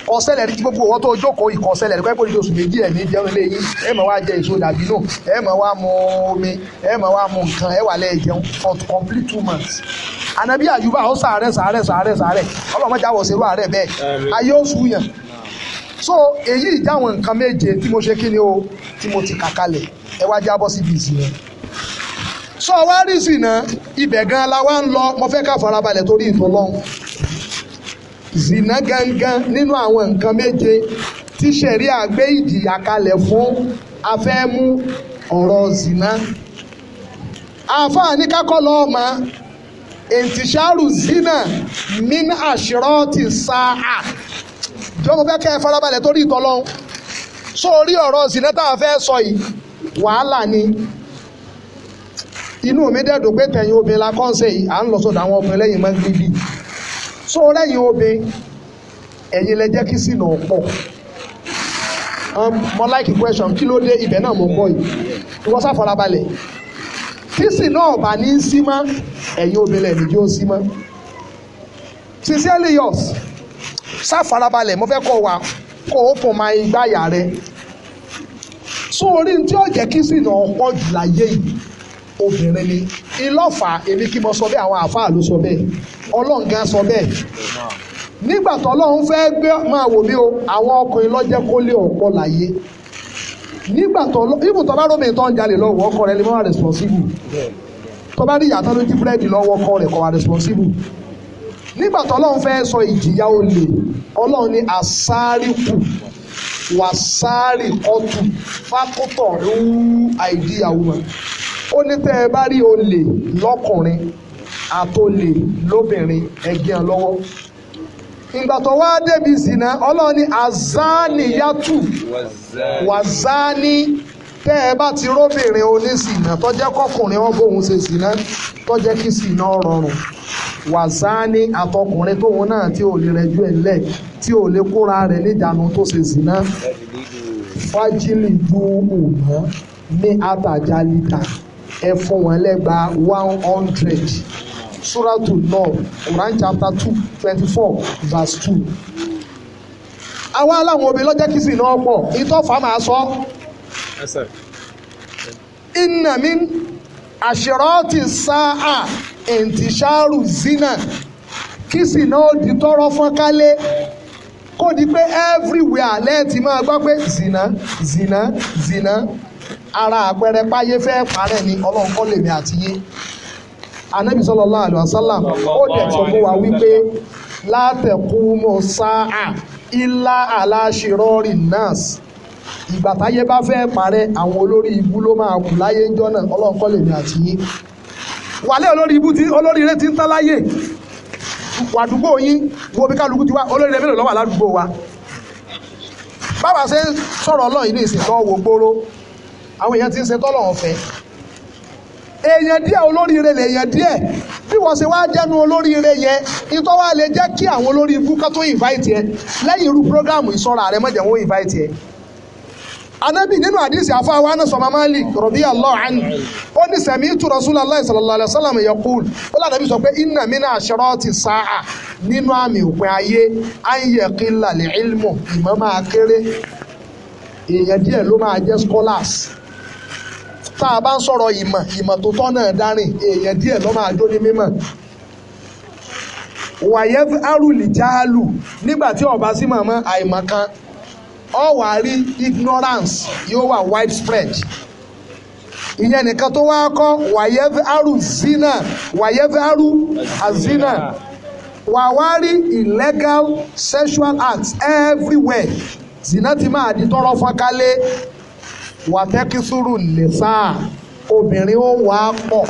kọsẹ́lẹ̀ rí gbogbo ọwọ́ tó jókòó ìkọsẹ́lẹ̀ rí pẹ́pẹ́ oṣù méjì ẹ̀ ní jẹun lé yín ẹ máa wá jẹ èso dàbí nù ẹ máa wá mu omi ẹ máa wá mu nǹkan ẹ wà lẹ́ẹ̀ jẹun for complete two months. ànábì àyùbá ó sàárẹ̀ sàárẹ̀ sàárẹ̀ sàárẹ̀ ọlọ́mọdé so èyí ìjáwọn nǹkan méje tí mo ṣe kí ni o tí mo ti kàkalẹ̀ ẹ wá jábọ́ síbi ìsìnà sọ wá rí ìsìnà ibẹ̀ gan la wá ń lọ mo fẹ́ ká farabalẹ̀ torí ìtọ́lọ́hún zina gangan nínú àwọn nǹkan méje tí sẹ̀rí àgbé ìjìyà kalẹ̀ fún afẹ́mú ọ̀rọ̀ zina àfáàní kákọ́ lọ́ọ́ máa ètìṣàrù zina min àṣírọ́ọ̀tì sáà jọ́mọ́ fẹ́ kẹ́ ẹ farabalẹ̀ torí ìtọ́lọ́hún sórí ọ̀rọ̀ zina tá a fẹ́ sọ yìí wàhálà ni inú mi dẹ̀dùn pé tẹ̀yìn obìnrin la kọ́ńsẹ̀ yìí à ń lọ sọ̀dọ̀ àwọn ọkùnrin lẹ́yìn máa ń gbé bí so lẹ́yìn obìnrin ẹ̀yin lẹ jẹ́ kí sì nà pọ̀ um, mo like question kí ló dé ibẹ̀ náà mo kọ́ yìí ìwọ sáfọlábalẹ̀ sísì náà bá ní sí mọ́ ẹ̀yin obìnrin ẹ̀mí yóò sí mọ́ sincerely yours sáfọlábalẹ̀ mo fẹ́ kọ́ wa kó o fún ma igbáyà rẹ so orí tí ó jẹ́ kí sì nà ọ̀pọ̀ jù láyé yìí obìnrin ni ìlọ́fà èmi kí mo sọ bẹ́ẹ̀ àwọn àfáà ló sọ bẹ́ẹ̀ ọlọ́run gan sọ bẹ́ẹ̀ nígbà tó ọlọ́run fẹ́ gbé máa wò mí o àwọn ọkùnrin lọ́jẹ́ kó lé ọ̀pọ̀ láyé nígbà tó ibùn tó bá rómi tó ń jalè lọ́wọ́ ọkọ rẹ lè má wà responsible tó bá rí ìyàtọ̀ lójú búrẹ́dì lọ́wọ́ ọkọ rẹ kò wà responsible nígbà tó ọlọ́run fẹ́ sọ ìjìyà olè ọlọ́run ni àsáríkù wàsáàrì kọ́tù fákótọ̀ rú àìdíyàwó mọ́ ó ní tẹ́ ẹ bá rí olè lọ́kùnrin àtolè lóbìnrin ẹgbẹ́ lọ́wọ́ ìgbà wá débi zina ọlọ́ọ̀ni azániyàtù wàzáni tẹ́ ẹ bá ti róbìnrin oníṣìnà tọ́jẹ́ kọkùnrin wọn bóun ṣe ṣìnà tọ́jẹ́ kí ṣìnà rọrùn wàsáni àtọkùnrin tóun náà tí ò lè rẹjú ẹ̀ lẹ̀ tí ò lè kóra rẹ̀ níjànú tó ṣe ṣìnà fájìlì ju òmọ́ ní àtàjà lítà ẹ fún wọn lẹ́gba one hundred suratu Nur Quran chapter two twenty four verse two. àwa aláwọn obìnrin lọ́jọ́ kìsì náà pọ̀ ìtọ́fà máa sọ. So, inna min àṣírọ́ọ̀tì sáà ẹ̀ǹtìṣàrù zina kí sì náà di tọrọ fọ́nkálé kó di pé everywhere lẹ́ẹ̀tì máa gbọ́ pé zina zina zina ara àpẹẹrẹ páyé fẹ́ parẹ́ ni ọlọ́run kọ́ lèmi àti yé anabi sallallahu alaihi wasallam ó dẹ̀ sọ fún wa wípé látẹ̀kùmọ̀ sáà ilá aláṣírọ́ọ̀rì nas ìgbà táyé bá fẹ́ parẹ́ àwọn olórí ibú ló máa kù láyé ńjọ́ náà ọlọ́run kọ́ lèmi àti yín ibu olórí tí olórí ti ń tán láyé wo bí kálukú ti wá olórí mélòó wà wa bàbá ṣe sọ̀rọ̀ yìí ti ń ṣe tọ́lọ̀ ọ̀fẹ́ èèyàn díẹ̀ díẹ̀ bí wọ́n ṣe jẹ́nu ìtọ́ wa lè jẹ́ kí àwọn olórí ká tó lẹ́yìn irú program ìsọ̀rọ̀ anábì nínú àdísì àfáwá náà sọmọ Malik radiyallahu anhu ó ní sami'tu Rasulullahi sallallahu alaihi wasallam yaqul ó lànàbí sọ pé inna min asharati sa'a nínú àmì òpin ayé an yaqilla al-ilmu ìmọ̀ máa kéré èèyàn díẹ̀ ló máa jẹ́ scholars tá a bá ń sọ̀rọ̀ ìmọ̀ ìmọ̀ tó tọ́ náà dárìn èèyàn díẹ̀ ló máa jó ní mímọ̀ wàyẹ́ arúlì jáàlù nígbà tí ọba sí màmá àìmọ̀kan ọ wà rí ignorance yóò wà widespread ìyẹn nìkan tó wá kọ́ wàyẹ́fẹ́ àrù zina wàyẹ́fẹ́ àrù azina wà wá rí illegal sexual acts everywhere zina ti máa di tọrọ fọkálé wàtẹ́kísùrù lẹ́sàá obìnrin ó wà á pọ̀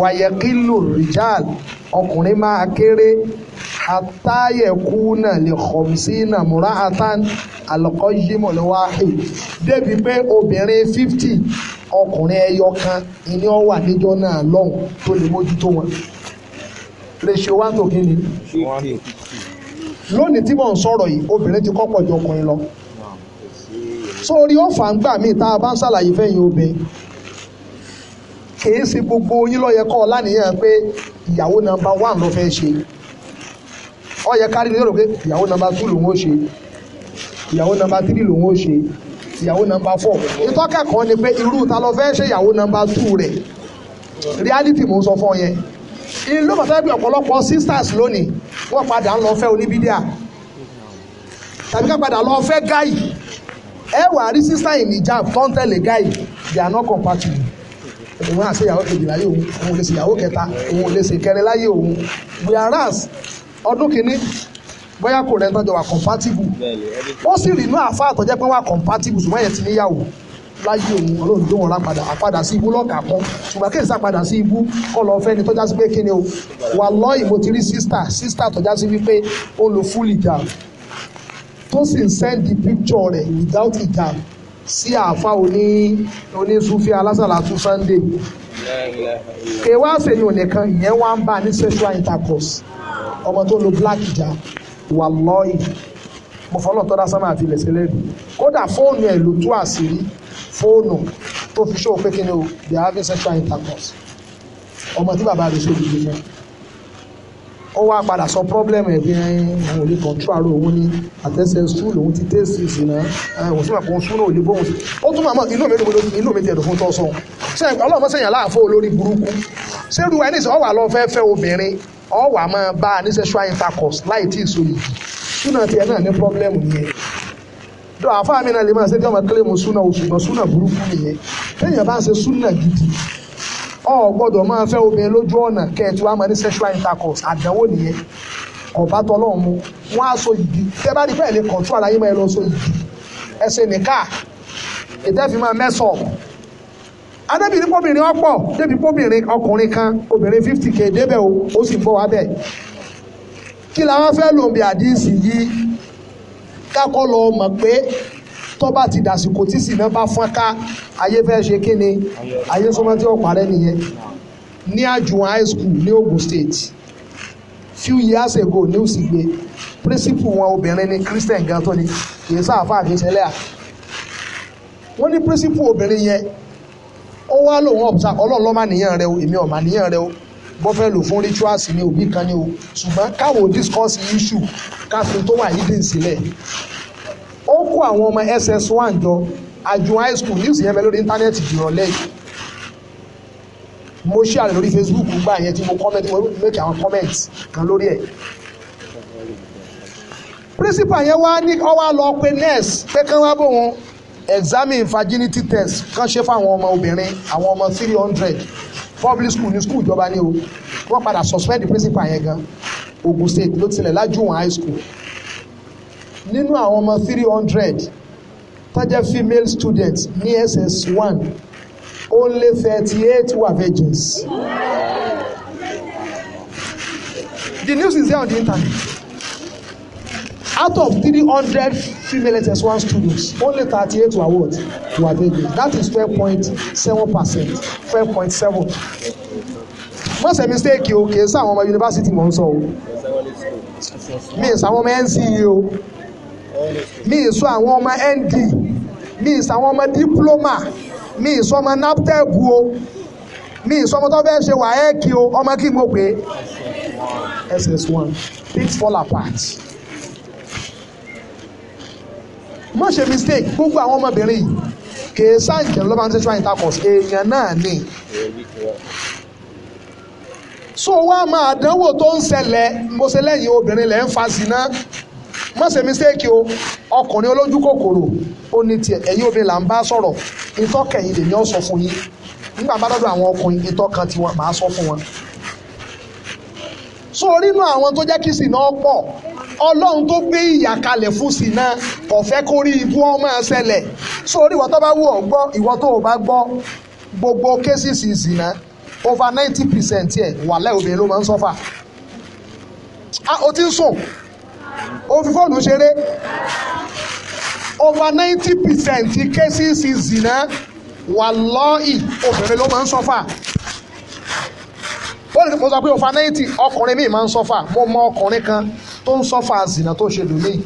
wàyẹ̀kílù rìjáàlì ọkùnrin máa kéré àtàyẹ̀kúnà lè kọ̀mísínà múra àtàn àlọ́kọ́yìmọ̀ lọ́wọ́hì débi pé obìnrin fifty ọkùnrin ẹyọ kan ìní ọ wà níjọ́ náà lọ́hùn tó lè mójútó wọn. ratio one to kí ni lónìí tí mò ń sọ̀rọ̀ yìí obìnrin ti kọ́pọ̀ ju ọkùnrin lọ sórí ó fà ń gbà míì tá a bá ń ṣàlàyé fẹ́yìn obìnrin kì í ṣe gbogbo yín ló yẹ kọ́ ọ lánìyàn pé ìyàwó number one fẹ́ ṣe ó yẹ kárí ni yóò rò pé ìyàwó nọ́mbà two lòun ó ṣe ìyàwó nọ́mbà three lòun ó ṣe ìyàwó nọ́mbà four ìtọ́kẹ̀kọ́ ni pé irú ta ló fẹ́ ṣe ìyàwó nọ́mbà two rẹ̀ reality mo ń sọ fún ọ yẹn ìlú bàtà bí ọ̀pọ̀lọpọ̀ sisters lónìí wọ́n padà ń lọ fẹ́ oníbídíà tàbí ká padà lọ fẹ́ gáì ẹ wà rí sister in hijab tó ń tẹ̀lé gáì they are not compatible òun àṣeyàwó kejì òun òun lè ṣèyàwó kẹta òun lè ṣèkẹrin láyé òun whereas ọdún kìíní bóyá kò rẹ̀ ń tọ́jọ́ wà compatible ó sì rìnnú àfa àtọ́jẹ́ pé wà compatible ṣùgbọ́n ẹ̀yẹ ti níyàwó láyé òun ọlọ́run ló wọn rà padà àpadà sí ibú lọ́ọ̀kà kan ṣùgbọ́n kí n sá padà sí ibú kọ́ lọ́ọ́ fẹ́ni tọ́já sí pé kí ni o wà lọ́ọ̀yì mo ti rí sísítà sísítà tọ́já sí wípé ó lo fúlì jà tó sì ń sẹ́ndì píkṣọ̀ rẹ̀ without ìjàm sí àáfà oní onísúfì alásàlátú Sunday kèwá sèyí ò nìkan ìyẹn wá ń bá ní sexual intercourse ọmọ tó lo black jà wà lọ́ọ̀yì mo fọlọ́ tọ́dá sámà àti ilẹ̀ sílẹ̀ rí kódà fóònù ẹ̀ ló tú àṣírí fóònù tó fi ṣó pé kíni o they are having sexual intercourse ọmọ tí bàbá rẹ̀ ṣe òdìdí fún ó wá padà sọ problem ẹ̀ bí àwọn òní kan tún àárọ̀ òun ní àtẹ́sẹ̀ stool òun ti tẹ́sí ìsìnà òun sì máa kó súnà òní bóun sí ó tún màmá inú mi ló inú mi ti ẹ̀dùn fún tọ́sán ọlọ́run sẹ́yìn aláàfọ́ olórí burúkú ṣé irú ẹni sọ wà lọ fẹ́ fẹ́ obìnrin ọ wà máa bá a ní sexual intercourse láì tí ì so yìí súnà tiẹ̀ náà ní problem nìyẹn tó àfáà mi náà lè máa ṣe kí ọmọ kílẹ̀ mu súnà oṣù náà súnà burúkú nìyẹn téèyàn bá ń ṣe súnà gidi ọ gbọ́dọ̀ máa fẹ́ obìnrin lójú ọ̀nà kẹ́ẹ̀tì wàá máa ní sexual intercourse àdánwò nìyẹn ọ̀bá tọ́lọ́ mu wọ́n á so yìí tẹ́ bá rí bẹ́ẹ̀ lè kọ̀ọ̀tún àlàyé máa lọ so yìí ẹsẹ̀ nìkà ètẹ́fì máa mẹ́sọ̀ọ̀ anábìrin pọ́bìnrin ọ̀pọ̀ débi pọ́bìnrin ọkùnrin kan obìnrin fifty k débẹ̀ o ó sì bọ́ wa bẹ́ẹ̀ kí la wọ́n fẹ́ lò ń bí àdínsì yìí kákọ́ lọ mọ̀ pé tọ́ba ti dàsìkò tí sì náà bá fọ́n ká ayé fẹ́ ṣe kí ni ayé sọ́mọ́ tí ọ̀pá rẹ nìyẹn ní àjùwọ̀n high school ní Ogun State few years ago ní òsìgbè principal wọn obìnrin ni Christian gan tó ni kì í sáà fáà kì í ṣẹlẹ̀ à wọ́n ní principal obìnrin yẹn ó wá lòun ọ̀bùsà ọlọ́run lọ́mà nìyàn rẹ o èmi ọ̀mà nìyàn rẹ o bọ́ fẹ́ lò fún rituals ní òbí kan ní o ṣùgbọ́n káwọ́ discuss issue káfíń tó wà hidden sílẹ̀ ó kó àwọn ọmọ ss1 jọ àjùn high school news yẹn bẹ lórí íńtánẹ́ẹ̀tì ìrọ̀lẹ́ yìí mo ṣe àrẹ lórí facebook gbà yẹn tí mo comment mo make àwọn comment kan lórí ẹ̀ principal yẹn wá ní ọwá lọ pé nurse pé kán wá bò wọn examine virginity test kán ṣe fáwọn ọmọ obìnrin àwọn ọmọ three hundred public school ní school ìjọba ni o wọ́n padà suspend the principal yẹn gan Ogun State ló tilẹ̀ lájúwọ̀n high school nínú àwọn ọmọ three hundred tó female students ní SS one only thirty eight were virgins the news is there on the internet out of three hundred female ss1 students only thirty-eight were what were babies that is twelve point seven percent twelve point seven wọ́n ṣe mistake o kì í sáwọn ọmọ yunifásitì mọ̀ ń sọ o mi ì sáwọn ọmọ NCE o mi ì sọ àwọn ọmọ ND mi ì sáwọn ọmọ diploma mi ì sọ ọmọ NAPTEP e o mi ì sọ ọmọ tó fẹ́ ṣe wàhẹ́ẹ̀kì o ọmọ kí n mọ̀ pé ss1 things fall apart má ṣe mistake gbogbo àwọn ọmọbìnrin yìí kèé sáǹkì ló máa ń sexual intercourse èèyàn náà ni. so wá máa dánwò tó ń ṣẹlẹ̀ mo ṣe lẹ́yìn obìnrin lẹ́ ń fa sí má ṣe mistake o ọkùnrin olójú kòkòrò ó ní tiẹ̀ ẹ̀yin obìnrin là ń bá sọ̀rọ̀ ìtọ́kẹ̀yìn lèmi ọ̀ sọ fún yín nígbà bá dọ́dọ̀ àwọn ọkùnrin ìtọ́kan tiwọn màá sọ fún wọn. so orínú àwọn tó jẹ́ kí sì náà pọ̀ ọlọ́run tó gbé ìyà kalẹ̀ fún sí náà kò fẹ́ kó rí ikú ọmọ ṣẹlẹ̀ sórí ìwọ tó bá wù ọ́ gbọ́ ìwọ tó o bá gbọ́ gbogbo cases ìzìnà over ninety percent ẹ̀ wàhálà obìnrin ló máa ń sọ́fà ah, o ti ń sùn o fi fóònù ṣeré over ninety percent cases ìzìnà wàhálà obìnrin ló máa ń sọ́fà fọ́nì kan sọ pé ọ̀fànẹ́yìntì ọkùnrin míì máa ń sọ́fà mo mọ ọkùnrin kan tó ń sọ́fà zìnà tó ṣe lòmíì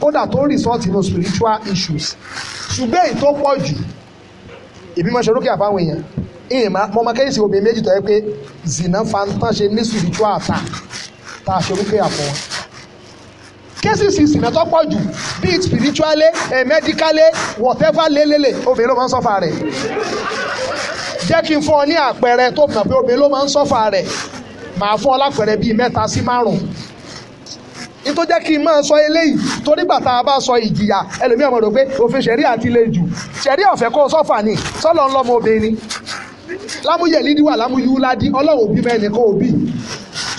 kódà tó result inú spiritual issues ṣùgbọ́n èyí tó pọ̀ jù èmi máa ṣe lókè àfáwọn èèyàn ìyẹn mo máa kẹ́yìn sí obìnrin méjì tó yẹ pé zìnà fantan ṣe ní spiritual attack tá a ṣe lókè àfọ wọn cases ìsìnà tó pọ̀ jù be it spiritually eh, medically whatever lélele obìnrin ló máa ń sọ́fà rẹ̀ jẹ́ kí n fún ọ ní àpẹẹrẹ tó mọ̀ pé obìnrin ló máa ń sọ́fà rẹ̀ màá fún ọ lápẹẹrẹ bíi mẹ́ta sí márùn-ún ní tó jẹ́ kí n máa sọ eléyìí torí gbàtà bá sọ ìjìyà ẹlòmíì ọmọ rò pé òfin ṣẹ̀rí àti ilé jù ṣẹ̀rí ọ̀fẹ́ kó sọ́fà ni sọ́lọ́ ń lọ́mọ obìnrin lámúyẹ̀ lídí wà lámúyú ládí ọlọ́run òbí mẹ́rin kó òbí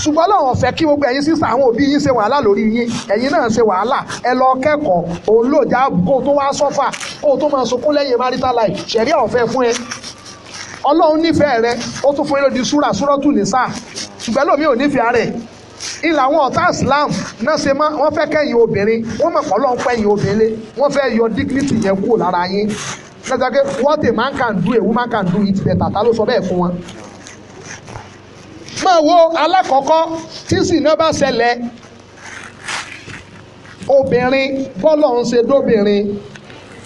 ṣùgbọ́n ọlọ́run ọ̀fẹ́ kí gbogbo ẹ̀yin sísá àwọn òbí yín ṣe wàhálà lórí yín ẹ̀yin náà ṣe wàhálà ẹ lọ kẹ́kọ̀ọ́ òun lò já kó tó wá sọ́fà kó tó máa sunkún lẹ́yìn marital life ṣẹ̀rí ọ̀fẹ́ fún ẹ ọlọ́run nífẹ̀ẹ́ rẹ ó tún fún yín lódi súrà súrọ́tù nìsà ṣùgbọ́n lómi ò nífẹ̀ẹ́ rẹ̀ ilà àwọn ọ̀tá Islam náà ṣe má wọ́n fẹ́ kẹ́yìn obìnrin wọ́n mọ̀ pọ̀lọ́ ń pẹ́yìn obìnrin wọ́n fẹ́ yọ dignity yẹn kúrò lára yín lọ́jọ́ pé what a man can do a woman can do it better ta ló sọ bẹ́ẹ̀ fún wọn. máa wo alákọ̀ọ́kọ́ tí sìnà bá ṣẹlẹ̀ obìnrin bọ́lọ̀ ń ṣe dóbìnrin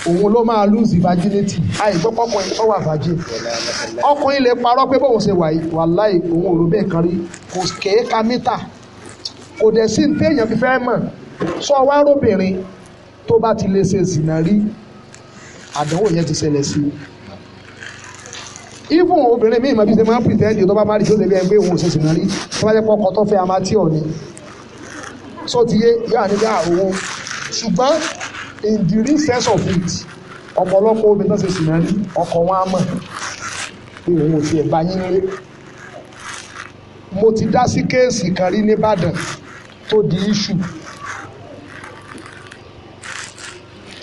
òun ló máa lose virginity àìgbọ́pọ̀kùnrin tó wà virgin ọkùnrin lè parọ́ pé bóun ṣe wà láì òun ò rò bẹ́ẹ̀ kan rí kò kéka mítà kò dẹ̀ sí ní téèyàn fi fẹ́ mọ̀ sọ wá róbìnrin tó bá ti lè ṣe zìnà rí àdánwò yẹn ti ṣẹlẹ̀ sí i even obìnrin míì mọ̀ bí ṣe máa ń pìtẹ́ẹ̀dì tó bá má rí tó lè bí ẹgbẹ́ òun ṣe zìnà rí tó bá jẹ́ pọ́kọ tó fẹ́ amatí ọ̀ sọ ti yé yóò àníbí àwọn ah, ṣùgbọ́n in the real sense of it ọ̀pọ̀lọpọ̀ obìnrin náà ṣe sìnà rí ọkọ wọn á mọ̀ pé òun ò ti ẹ̀ bá yín lé mo ti dá sí kéèsì kan rí nìbàdàn tó di iṣu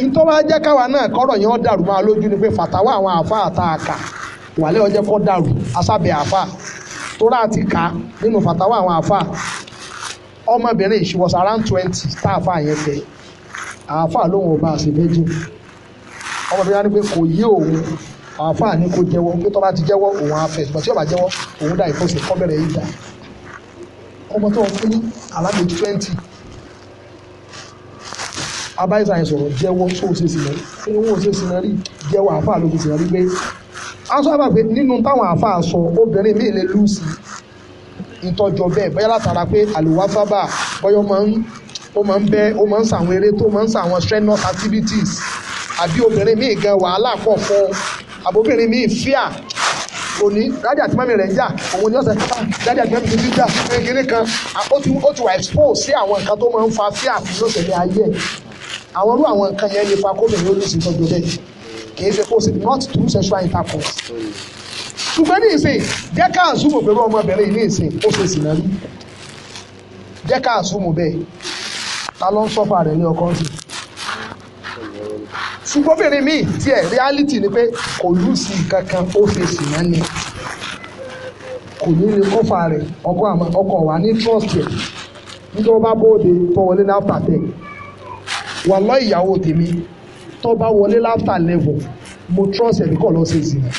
ìtọ́ wa jẹ́ káwa náà kọ́rọ̀ yẹn ó dàrú máa lójú ni pé fàtàwọ́ àwọn àáfàá àtàkà ìwàlẹ́ ọjọ́ kọ́ dàrú asábẹ̀ àáfàá tó láti kà nínú fàtàwọ́ àwọn àáfàá ọmọbìnrin she was around twenty tá àáfàá yẹn fẹ́ẹ́ àáfà lóhùn ọba àṣẹ méjì ọmọ tó yá ni pé kò yé òun àáfà ni kò jẹ́wọ́ pé tó bá ti jẹ́wọ́ òun afẹ́ ṣùgbọ́n tí ó bá jẹ́wọ́ òun dá ìfọ̀sì kọ́ bẹ̀rẹ̀ yìí ọmọ tó ń fún alágbè twenty abáyísà yẹn sọ̀rọ̀ jẹ́wọ́ tó o ṣe sì lọ fún owó ṣe sì lọ rí jẹ́wọ́ àáfà ló fi sì lọ rí pé aṣọ àbá pé nínú táwọn àáfà sọ obìnrin mi ìtọ́jọ bẹ́ẹ̀ bóyá látara pé àlùwáfábà bọ́yọ́ máa ń ó máa ń bẹ́ ó máa ń sàwọn eré tó máa ń sàwọn strenuous activities àbí obìnrin míì gan wàhálà pọ̀ fún àbóbìnrin míì fíà òní dájà tí mọ́mí rẹ̀ ń jà òun ni ọ̀sẹ̀ dájà tí mọ́mí rẹ̀ ń jà kékeré kan ó ti wà expose sí àwọn nǹkan tó máa ń fa fíà fún òṣèlú ayé àwọn irú àwọn nǹkan yẹn lè fa kóbìnrin olùsí tọ́jú bẹ́ẹ̀ kì í ṣe kó sì not through sexual intercourse. ṣùgbọ́n ní ìsìn jẹ́ ká àzúmọ̀ pẹ̀lú ọmọbìnrin ní ìsìn ó ṣe sì náà rí jẹ́ ká àzúmọ̀ bẹ́ẹ̀ ta ló ń sọ́fà rẹ̀ lé ọkọ sí ṣùgbọ́n fèrè míì tiẹ̀ reality ni pé kò lùsì kankan ó fèsì náà ni kò ní lè kọ́fà rẹ̀ ọkọ àmọ́ ọkọ wà ní trust yẹ nítorí wọ́n bá bóde tó wọlé láfta ten wà lọ ìyàwó tèmi tó bá wọlé láfta eleven mo trust ẹ̀ níkọ̀ lọ sí ìsìnà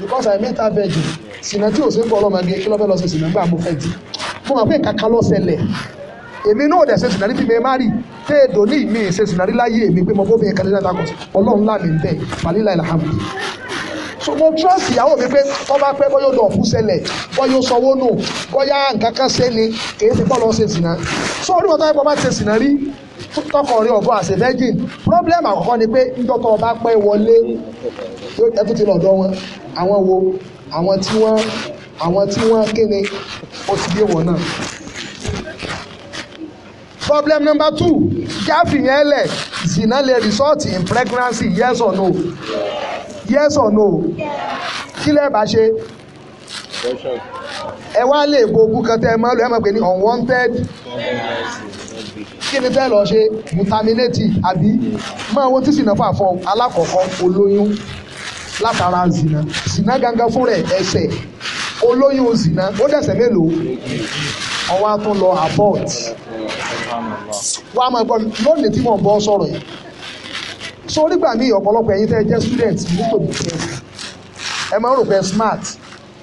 because I met her virgin ìsìnà tí ò sí ń bọ̀ ọlọ́mọge kí ló fẹ́ lọ sí ìsìnà gbà mo fẹ́ di mo mọ̀ pé kàkà lọ́sẹ̀lẹ̀ èmi náà dẹ̀ ṣe sìnàrí bí mi má rí tẹ́ ẹ dòní mi ṣe sìnàrí láyé mi pé mo bó mi kan nílẹ̀ náà kọ̀ sí ọlọ́run láàmì ń bẹ̀ pàlílà ìlàhàmù so mo trust ìyàwó mi pé ọba pẹ́ bọ́ yóò dọ̀ ọ̀kú ṣẹlẹ̀ bọ́ yóò sọ wónú bọ́yá nǹkan kan ṣe ni kì í ti pọ́ lọ ṣe sìnà so orí ọ̀tọ́ ẹ̀pọ̀ bá ṣe sìnà rí tọkọ rí ọ̀bọ àṣẹ virgin problem àkọ́kọ́ ni pé ńdọ́tọ̀ ọba pẹ́ wọlé ẹtú ti lọ́dọ̀ wọn àwọn wo àwọn tí wọ́n àwọn tí wọ́n kéne ó ti dé wọ̀ náà problem number two jáfìyàn ẹlẹ̀ zina lè result in pregnancy yes or no yes or no kí lè bá ṣe ẹ wá lè bo ogún kan tẹ ẹ máa lò ẹ máa pè ní unwanted kí ni tẹ́ lọ ṣe mutaminati àbí máa wo tí sinna fún alákọ̀ọ́kọ́ olóyún látara zina zina gangan fún rẹ̀ ẹsẹ̀ olóyún zina ó dẹ̀sẹ̀ mélòó ọwọ́ á tún lọ abort wa ma máa lónìí tí mò bọ sọrọ yìí so nígbà ọpọlọpọ ọ̀pọ̀lọpọ̀ ẹ̀yin tẹ́ ẹ jẹ́ student ló pè mí fẹ́ ẹ smart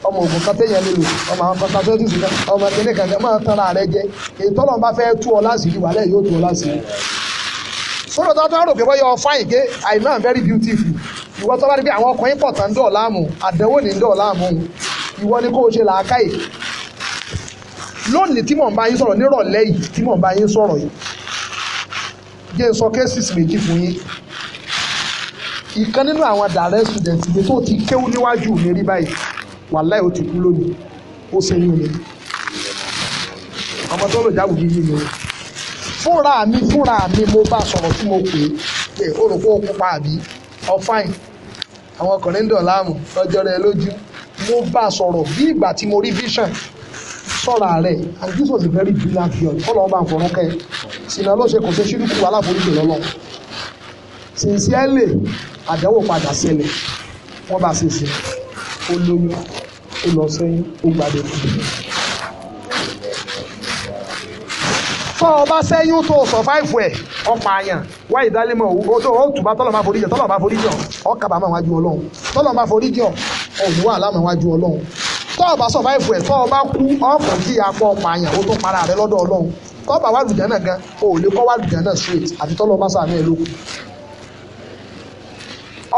ọmọ ògùn kan téèyàn ọmọ àwọn contraceptives ọmọ kìnìún kan kan máa tanra rẹ jẹ èyí bá fẹ́ tú ọ láṣìírí yóò tú ọ láṣìírí sọ́dọ̀ tó i know i'm very beautiful tó bá rí bí àwọn pọ̀ tán dọ̀ láàmú àdánwò ní dọ̀ ni kó o ṣe lónìí tí mò ń bá yín sọ̀rọ̀ nírọ̀lẹ́ yìí tí mò ń bá yín sọ̀rọ̀ yìí jẹ́ sọ cases méjì fún yín ìkan nínú àwọn direct students mi tó ti kéwú níwájú mi rí báyìí wàláì ó ti kú lónìí ó ṣe yín ni ọmọ tó lò jáwù yíyí ni fúnra mi fúnra mi mo bá sọ̀rọ̀ tí mo pè é ó rò pé ó pupa àbí ọ̀fáìn àwọn ọkùnrin dọ̀ láàmú lọ́jọ́ rẹ lójú mo bá sọ̀rọ̀ bí ìgbà tí mo rí vision sọ́ra rẹ̀ and this was a very brilliant girl fọlọ́ ọba àfọ̀rọ́kẹ́ sinna ló ṣe kò ṣe ṣírùkù aláforíṣẹ́ lọ́lọ́ sincerely àdánwò padà ṣẹlẹ̀ wọ́n bá ṣe ṣe ó lóyún ó lọ sẹ́yìn ó gbàdé kù. tọ́ ọ bá sẹ́yìn tó survive ẹ̀ ọ̀pọ̀ àyàn wá ìdálẹ́mọ̀ odò ó tùbá tọ́lọ̀ máa foríjì tọ́lọ̀ máa foríjì ọ̀ kábàámọ̀ wájú ọlọ́run tọ́lọ̀ máa foríjì ọ̀ òun wà láàmú wájú ọlọ́run tọ́ survive ẹ̀ tọ́ kú ọkàn kí akọ pààyàn ó tó para rẹ lọ́dọ̀ ọlọ́run tọ́ wà lùjẹ́ náà gan o lè kọ́ wà lùjẹ́ náà straight àti tọ́lọ́ ọba sàmì ẹ̀ lókun.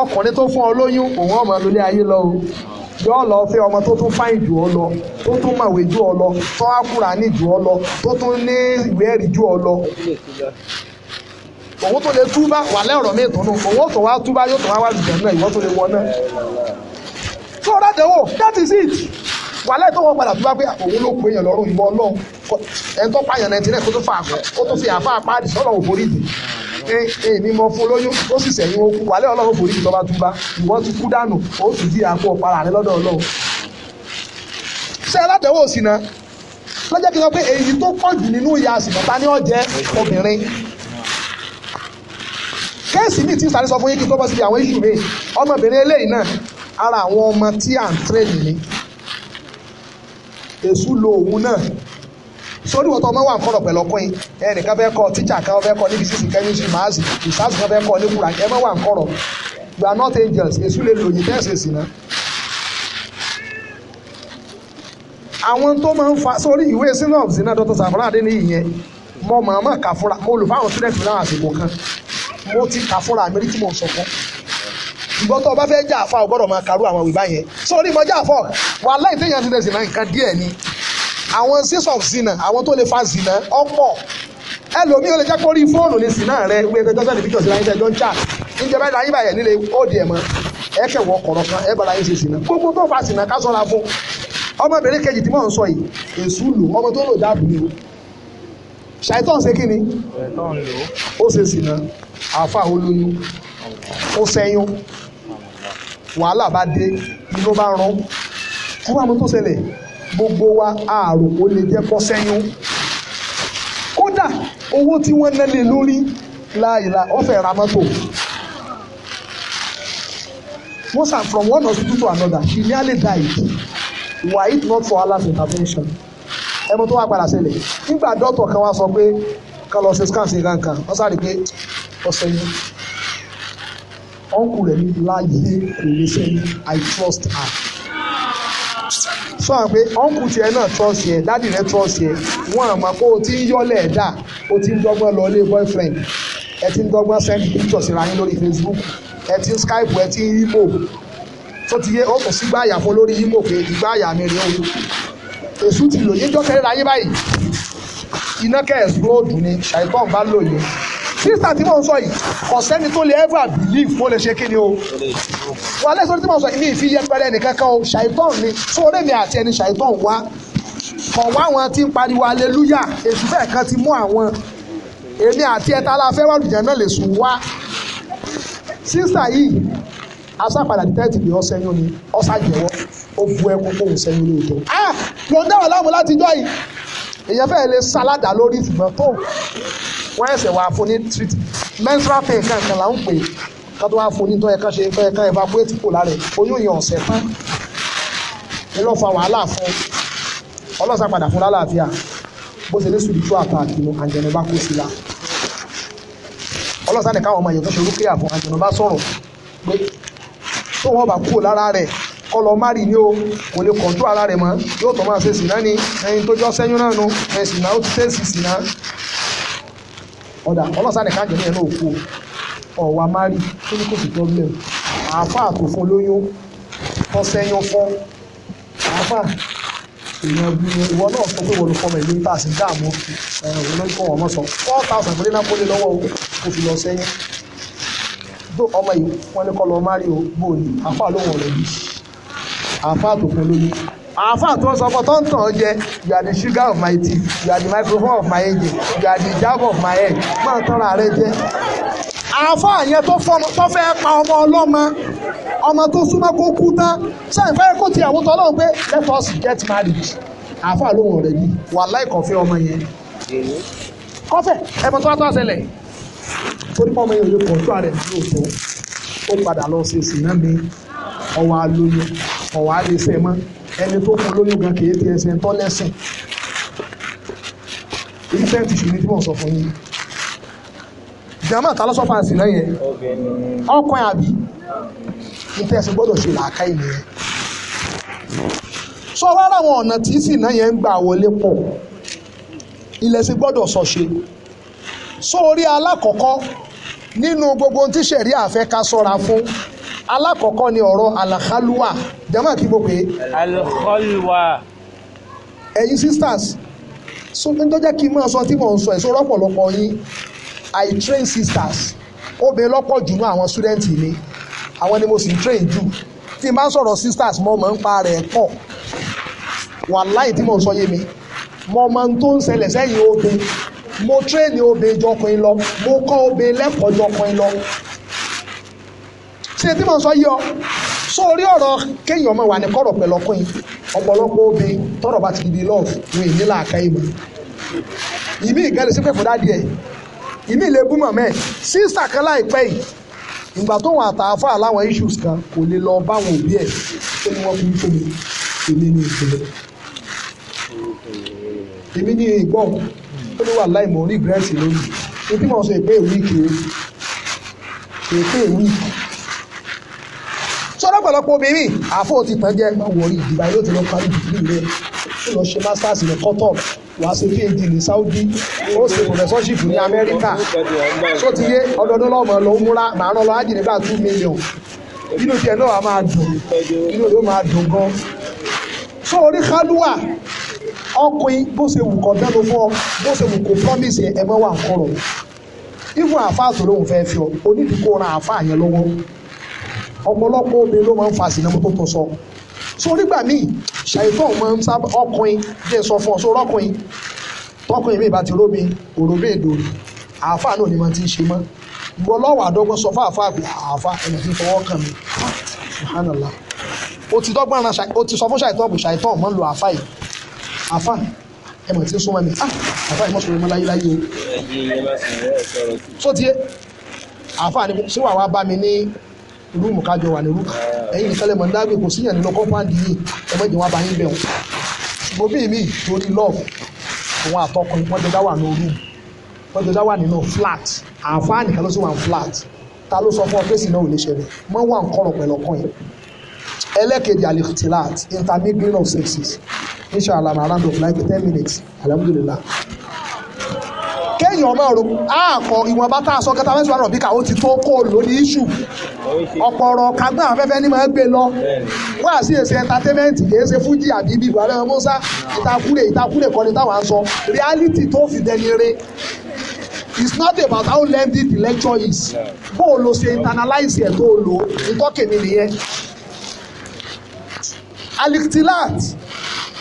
ọkùnrin tó fún ọ lóyún òun ọmọ lórí ayé lọ o yọ ọ lọ fẹ́ ọmọ tó tún fáìn jù ọ lọ tó tún mọ̀wé jù ọ lọ tó wá kúra ní jù ọ lọ tó tún ní ìwé ẹ̀rí jù ọ lọ òun tó lè túbá wà lẹ́rọ̀ mi ìtùnú òun tó wá túbá yóò tó wá wà lùjẹ́ náà ìwọ tó lè wọ náà. so that the that is it wàhálà tó wọ́n padà tó bá pé òun ló pè èèyàn lọ́rùn ìwọ ọlọ́run ẹ̀ tó pààyàn náà tirẹ̀ kó tó fà àgbọ̀ ó tó fi àfa àpáàdì sọ́nà òfòrí dì èmi mọ fún lóyún ó sì sẹ̀yìn okú wàhálà ọlọ́run òfòrí dì tó bá tún bá ìwọ ti kú dànù ó sì di àpò ọ̀pára rẹ lọ́dọ̀ ọlọ́run. ṣé aládẹ́wò sí na lọ́jọ́ kí n sọ pé èyí tó pọ̀ jù nínú ìyá àsìkọ́ta ní ọ̀jẹ́ obìnrin kéèsì míì tí sáré sọ fún yín kí n tó bọ́ síbi àwọn iṣu mi ọmọbìnrin eléyìí náà ara àwọn ọmọ tí à ń tírèdì ni èṣù lo òun náà sórí wọ́n tó ọmọ wà ń kọ́rọ̀ pẹ̀lú ọkùnrin ẹnìkan fẹ́ kọ́ tíjà kan fẹ́ kọ́ níbi sísìn kẹ́mísì máàsì ìsáàsì kan fẹ́ kọ́ ní kura ẹ wà ń you are not angels èṣù lè lòyìn tẹ́sí sí náà. àwọn tó máa ń fa sórí ìwé synopsis náà dr safran adé ní ìyẹn mo màmá kà fúnra mo lò fáwọn students náà àsìkò kan mo ti kà fúnra mi rí tí ṣùgbọ́n tó o bá fẹ́ jà àfa o gbọ́dọ̀ máa karú àwọn ìwé báyẹn sórí mo jà àfọ wà láì téèyàn ti lè sìn náà nǹkan díẹ̀ ni àwọn six of zina àwọn tó lè fa zina ọ̀pọ̀ ẹlòmíì ó lè jẹ́ kórí fóònù ní zina rẹ wíwé ẹgbẹ́ tọ́jú ẹni píkọ̀sì láyé tẹ́jọ́ ń chat níjẹ́ bá láyé báyẹn nílé ó di ẹ̀ mọ́ ẹ kẹwọ́ kọ̀rọ̀ kan ẹ bá láyé ṣe zina gbogbo tó fa zina ká sọ́ra fún ọmọbìnrin kejì tí mò ń sọ yìí èṣù lò ọmọ tó lò dáàbò ni o ṣàìtàn ṣe kí ni ó ṣe zina àáfà olóyún ó ṣẹ́yún wàhálà bá dé inú bá rán ẹ wá tó ṣẹlẹ̀ gbogbo wa àròkó lè jẹ́ kọ́ sẹ́yún kódà owó tí wọ́n ná lé lórí láìla ọ̀fẹ́ ra mọ́tò wọ́n sàn from one hospital to another she nearly died were it not for Allah's intervention ẹmu tó wá padà sílẹ̀ nígbà dọ́tọ̀ kan wá sọ pé ká lọ ṣe scan sí kankan wọ́n sáré pé ọ̀sẹ̀ yìí. Uncle, rẹ̀ ní láyé kò lè ṣe I trust her. sọ pé ọ̀nkù tiẹ̀ náà trust yẹ dádì rẹ̀ trust yẹ wọ́n àmọ́ kó o ti ń yọ́lẹ̀ dà o ti ń dọ́gbọ́n lọ ilé boyfriend ẹ ti ń dọ́gbọ́n send pictures ra yín lórí Facebook ẹ ti ń Skype ẹ ti ń imo tó ti yé ọkọ̀ sí gbáàyà fún lórí imo pé ìgbáàyà mi rè o èsù ti lòye jọ́kẹ́rẹ́ láyé báyìí iná kẹ́ẹ̀sì róòdù ni ṣàìtàn bá lòye sísà tí mo ń sọ yìí ọ̀sẹ́ni tó lè ever believe mo lè ṣe kí ni o wà lẹ́sọ̀rọ̀ tí mo sọ yìí mi ìfi yẹpẹrẹ nìkan kan o ṣàìtàn ni sóore mi àti ẹni ṣàìtàn wá kàn wá àwọn tí ń pariwo aleluya èṣù bẹ́ẹ̀ kan ti mú àwọn èmi àti ẹ̀ta la fẹ́ wà lùjẹ́ náà lè sùn wá sísà yìí asápadà tẹ́tì bí ọsẹ yín ni ọsà jẹ́wọ́ ó bu ẹkú fóun sẹ́yìn lóòótọ́. Ah! a wọ́n dáwọ̀ láàmú láti jọ́ yìí èèyàn fẹ́ẹ́ lè sáládà lórí ṣùgbọ́n tó wọ́n ẹ̀sẹ̀ wà fún ní treat menstrual pain kankan là ń pè ká tó wá fún ní tó yẹ ká ṣe tó yẹ ká evacuate kò lára ẹ̀ oyún yẹn ọ̀sẹ̀ tán ẹ lọ́ fa wàhálà fún ọlọ́sà padà fún lálàáfíà bó ṣe ní sùdìtú àtàkì nu àjẹnù bá kó sí la ọlọ́sà nìkan àwọn ọmọ èèyàn tó ṣe orúkẹ́ àfún àjẹnù bá sọ̀rọ̀ pé tó wọ́n bá kúrò lára rẹ̀ kọ́ lọ márì ní o kò lè kọ̀ọ̀tún ara rẹ̀ mọ́ yóò tọ́ máa ṣe sìná ni ẹyin tó jọ sẹ́yún náà nu ẹ̀sìn náà ó ti tẹ́sì sìná ọ̀dà ọlọ́sàdẹ̀ káàkiri ní ẹ̀nà òkú ọ̀wà mari tó ní kò sí problem àáfà tó fún lóyún tó sẹ́yún fún àáfà èèyàn bí ìwọ náà sọ pé wọlé fọmọ ìlú tá a sì ń dààmú ẹ̀rọ lórí fọwọ́ ọmọ sọ four thousand péré náà kólé lọ́wọ́ o fi lọ sẹ́yìn tó ọmọ yìí wọ́n ní kọ́ lọ mari o bóòlì àáfà lóhùn ọ̀rẹ́ bí àáfà tó fún lóyún àáfàá tó ń sọ fún tọ́ntàn jẹ you are the sugar of my tea you are the microphone of my engine you are the jab of my head máa tọ́ra rẹ jẹ. àáfàá yẹn tó fẹ́ pa ọmọ ọlọ́mọ ọmọ tó súnmọ́ kó kú tán sẹ́yìn fẹ́ kó tiẹ̀ wọ́n tọ́lọ́run pé let us get married àáfàá lóhùn rẹ̀ ni wàláì kọ̀fẹ́ ọmọ yẹn kọfẹ ẹmọ tó wá tó àṣẹlẹ̀ torí pọ́nmọ yẹn ò lè pọ̀ tó àrẹ ní òótọ́ ó padà lọ sí èsì náà mi ọwọ́ alóyún ọwọ́ alẹ́sẹ̀ mọ́ ẹni tó fún lóyún gan kì í ti ẹsẹ̀ tọ́ lẹ́sìn ìfẹ́ ti ṣù ní tí wọ́n sọ fún yín jama ta lọ́sọ́ fàǹsì náà yẹn ọkọ̀ àbí ìfẹ́ ẹsẹ̀ gbọ́dọ̀ ṣe làákà ìnìyẹn sọ rárá àwọn ọ̀nà tí sì náà yẹn ń gbà wọlé pọ̀ ilẹ̀ sí gbọ́dọ̀ sọ ṣe sórí alákọ̀ọ́kọ́ nínú gbogbo tí sẹ̀rí àfẹ́ ká sọ́ra fún alákọ̀ọ́kọ́ ni ọ̀rọ̀ alakhalwa jama kí mo pè é. alakhalwa. ẹ̀yin sisters so n tó jẹ́ kí n máa sọ tí mò ń sọ ẹ̀ sọ́rọ́ pọ̀lọpọ̀ yín i train sisters obìnrin lọ́pọ̀ jù ní àwọn student mi àwọn ni mo sì ń train jù tí n bá sọ̀rọ̀ sisters mo máa ń pa rẹ̀ pọ̀ wàláì tí mò ń sọ yé mi mo máa ń tó ń ṣẹlẹ̀ sẹ́yìn obìnrin mo train obìnrin jọkùnrin lọ mo kọ́ obìnrin lẹ́kọ̀ọ́ jọkùnrin lọ ṣe tí mo sọ yọ sórí ọ̀rọ̀ kéèyàn ọmọ wà ní kọ̀rọ̀ pẹ̀lú ọkùnrin ọ̀pọ̀lọpọ̀ obìnrin tọ́rọ̀ bá ti di love wọn èyí làákà ìmọ̀ ìmí ìgẹ́lẹ̀ sí pẹ̀fọ́ dáadé ẹ̀ ìmí ilé búmọ̀ mẹ́ sísà kan láìpẹ́ yìí ìgbà tó wọn àtàáfà láwọn issues kan kò lè lọ báwọn òbí ẹ̀ tó ní wọ́n fi ń tóbi èmi ní ìpínlẹ̀ èmi ní ìgbọ́n tó ní wà láì mọ̀ ní ìgbẹ́rẹ́sì lónìí ní tí mo sọ ìpé ìwíìkì èpè ìwíìkì sọ́dọ̀ pọ̀lọpọ̀ obìnrin àfọ̀ ti tàn jẹ́ máa wọ̀rí ìdìbà yóò ti lọ parí dìgírì rẹ̀ ó lọ ṣe masters ní Qatar wà á ṣe phd ní Saudi ó ṣe professorship ní Amẹ́ríkà tó ti yé ọdọọdún lọ́mọ lọ múra màá rán lọ ájì nígbà two million inú tiẹ̀ náà máa dùn inú ló máa dùn gan so orí kálúwà ọkùnrin bó ṣe wù kọ́ bẹ́ẹ̀ ló fọ́ bó ṣe wù kó promise ẹ̀ mọ́ wà ń kọ̀rọ̀ ìfún àáfàá tó lóun fẹ́ fi ọ onídìí kó ran àáfàá yẹn lọ́wọ́ ọ̀pọ̀lọpọ̀ obìnrin ló máa ń fa àsìnà mo tó tún sọ so nígbà míì ṣàìtọ́ máa ń sábà ọkùnrin jẹ́ sọ fún ọ so rọ́kùnrin tọkùnrin mi ìbá ti rómi òròbí ìdòrò àáfàá náà ni mo ti ń ṣe mọ́ ìwọ lọ́wọ́ àdọ́gbọ́n sọ fún àáfàá pé àáfàá ẹni tí ń fọwọ́ kàn mí ṣùhánàlá o ti dọ́gbọ́n ara o ti sọ fún ṣàìtọ́ bù ṣàìtọ́ mọ́ lo àáfàá yìí àáfàá ẹ mọ̀ tí ń súnmọ́ mi ah, àáfàá yìí mọ̀ sọ̀rọ̀ mọ́ láyé o. sọ ti ni ṣé wàá wá bá mi ní rúùmù kájọ wà ní rúùmù ẹ̀yin nìkan lẹ́mọ̀ ní dágbé kò síyàn nínú kọ́ńpáàdì yìí ẹ mọ̀ ìjìnwá báyìí bẹ̀rù ṣùgbọ́n bí mi torí lọ́ọ̀fù òun àtọkùnrin wọ́n jọjá wà ní rúùmù wọ́n jọjá wà nínú flat àǹfààní kan ló sì wà ní flat ta ló sọ fún ọ fèsì náà ò lè ṣẹlẹ̀ mọ́ wà ń kọ́rọ̀ pẹ̀lú ọkàn yìí ẹlẹ́kejì alifitilat intermingling of sexes inshallah around of like ten minutes alhamdulillah kéèyàn ọmọ ọ̀rọ̀ àkọ ìwọ̀n bá tá a sọ kẹta mẹ́sàn-án ká ó ti tó kó lò ní iṣu ọ̀pọ̀ ọ̀rọ̀ kagbọ́n afẹ́fẹ́ ni máa gbé lọ wá sí èsì ẹ̀ńtátẹ́mẹ́ǹtì kì ṣe fújì àbí ibi ìgbà lẹ́wọ̀n mọ́sá ìtakúrè ìtakúrè kọ́ táwọn á sọ reality tó fi dẹni re it's not about how lengthy the lecture is bó o lo ṣe internalize ẹ̀ tó o lò ìtọ́kè mi nìyẹn aliktilat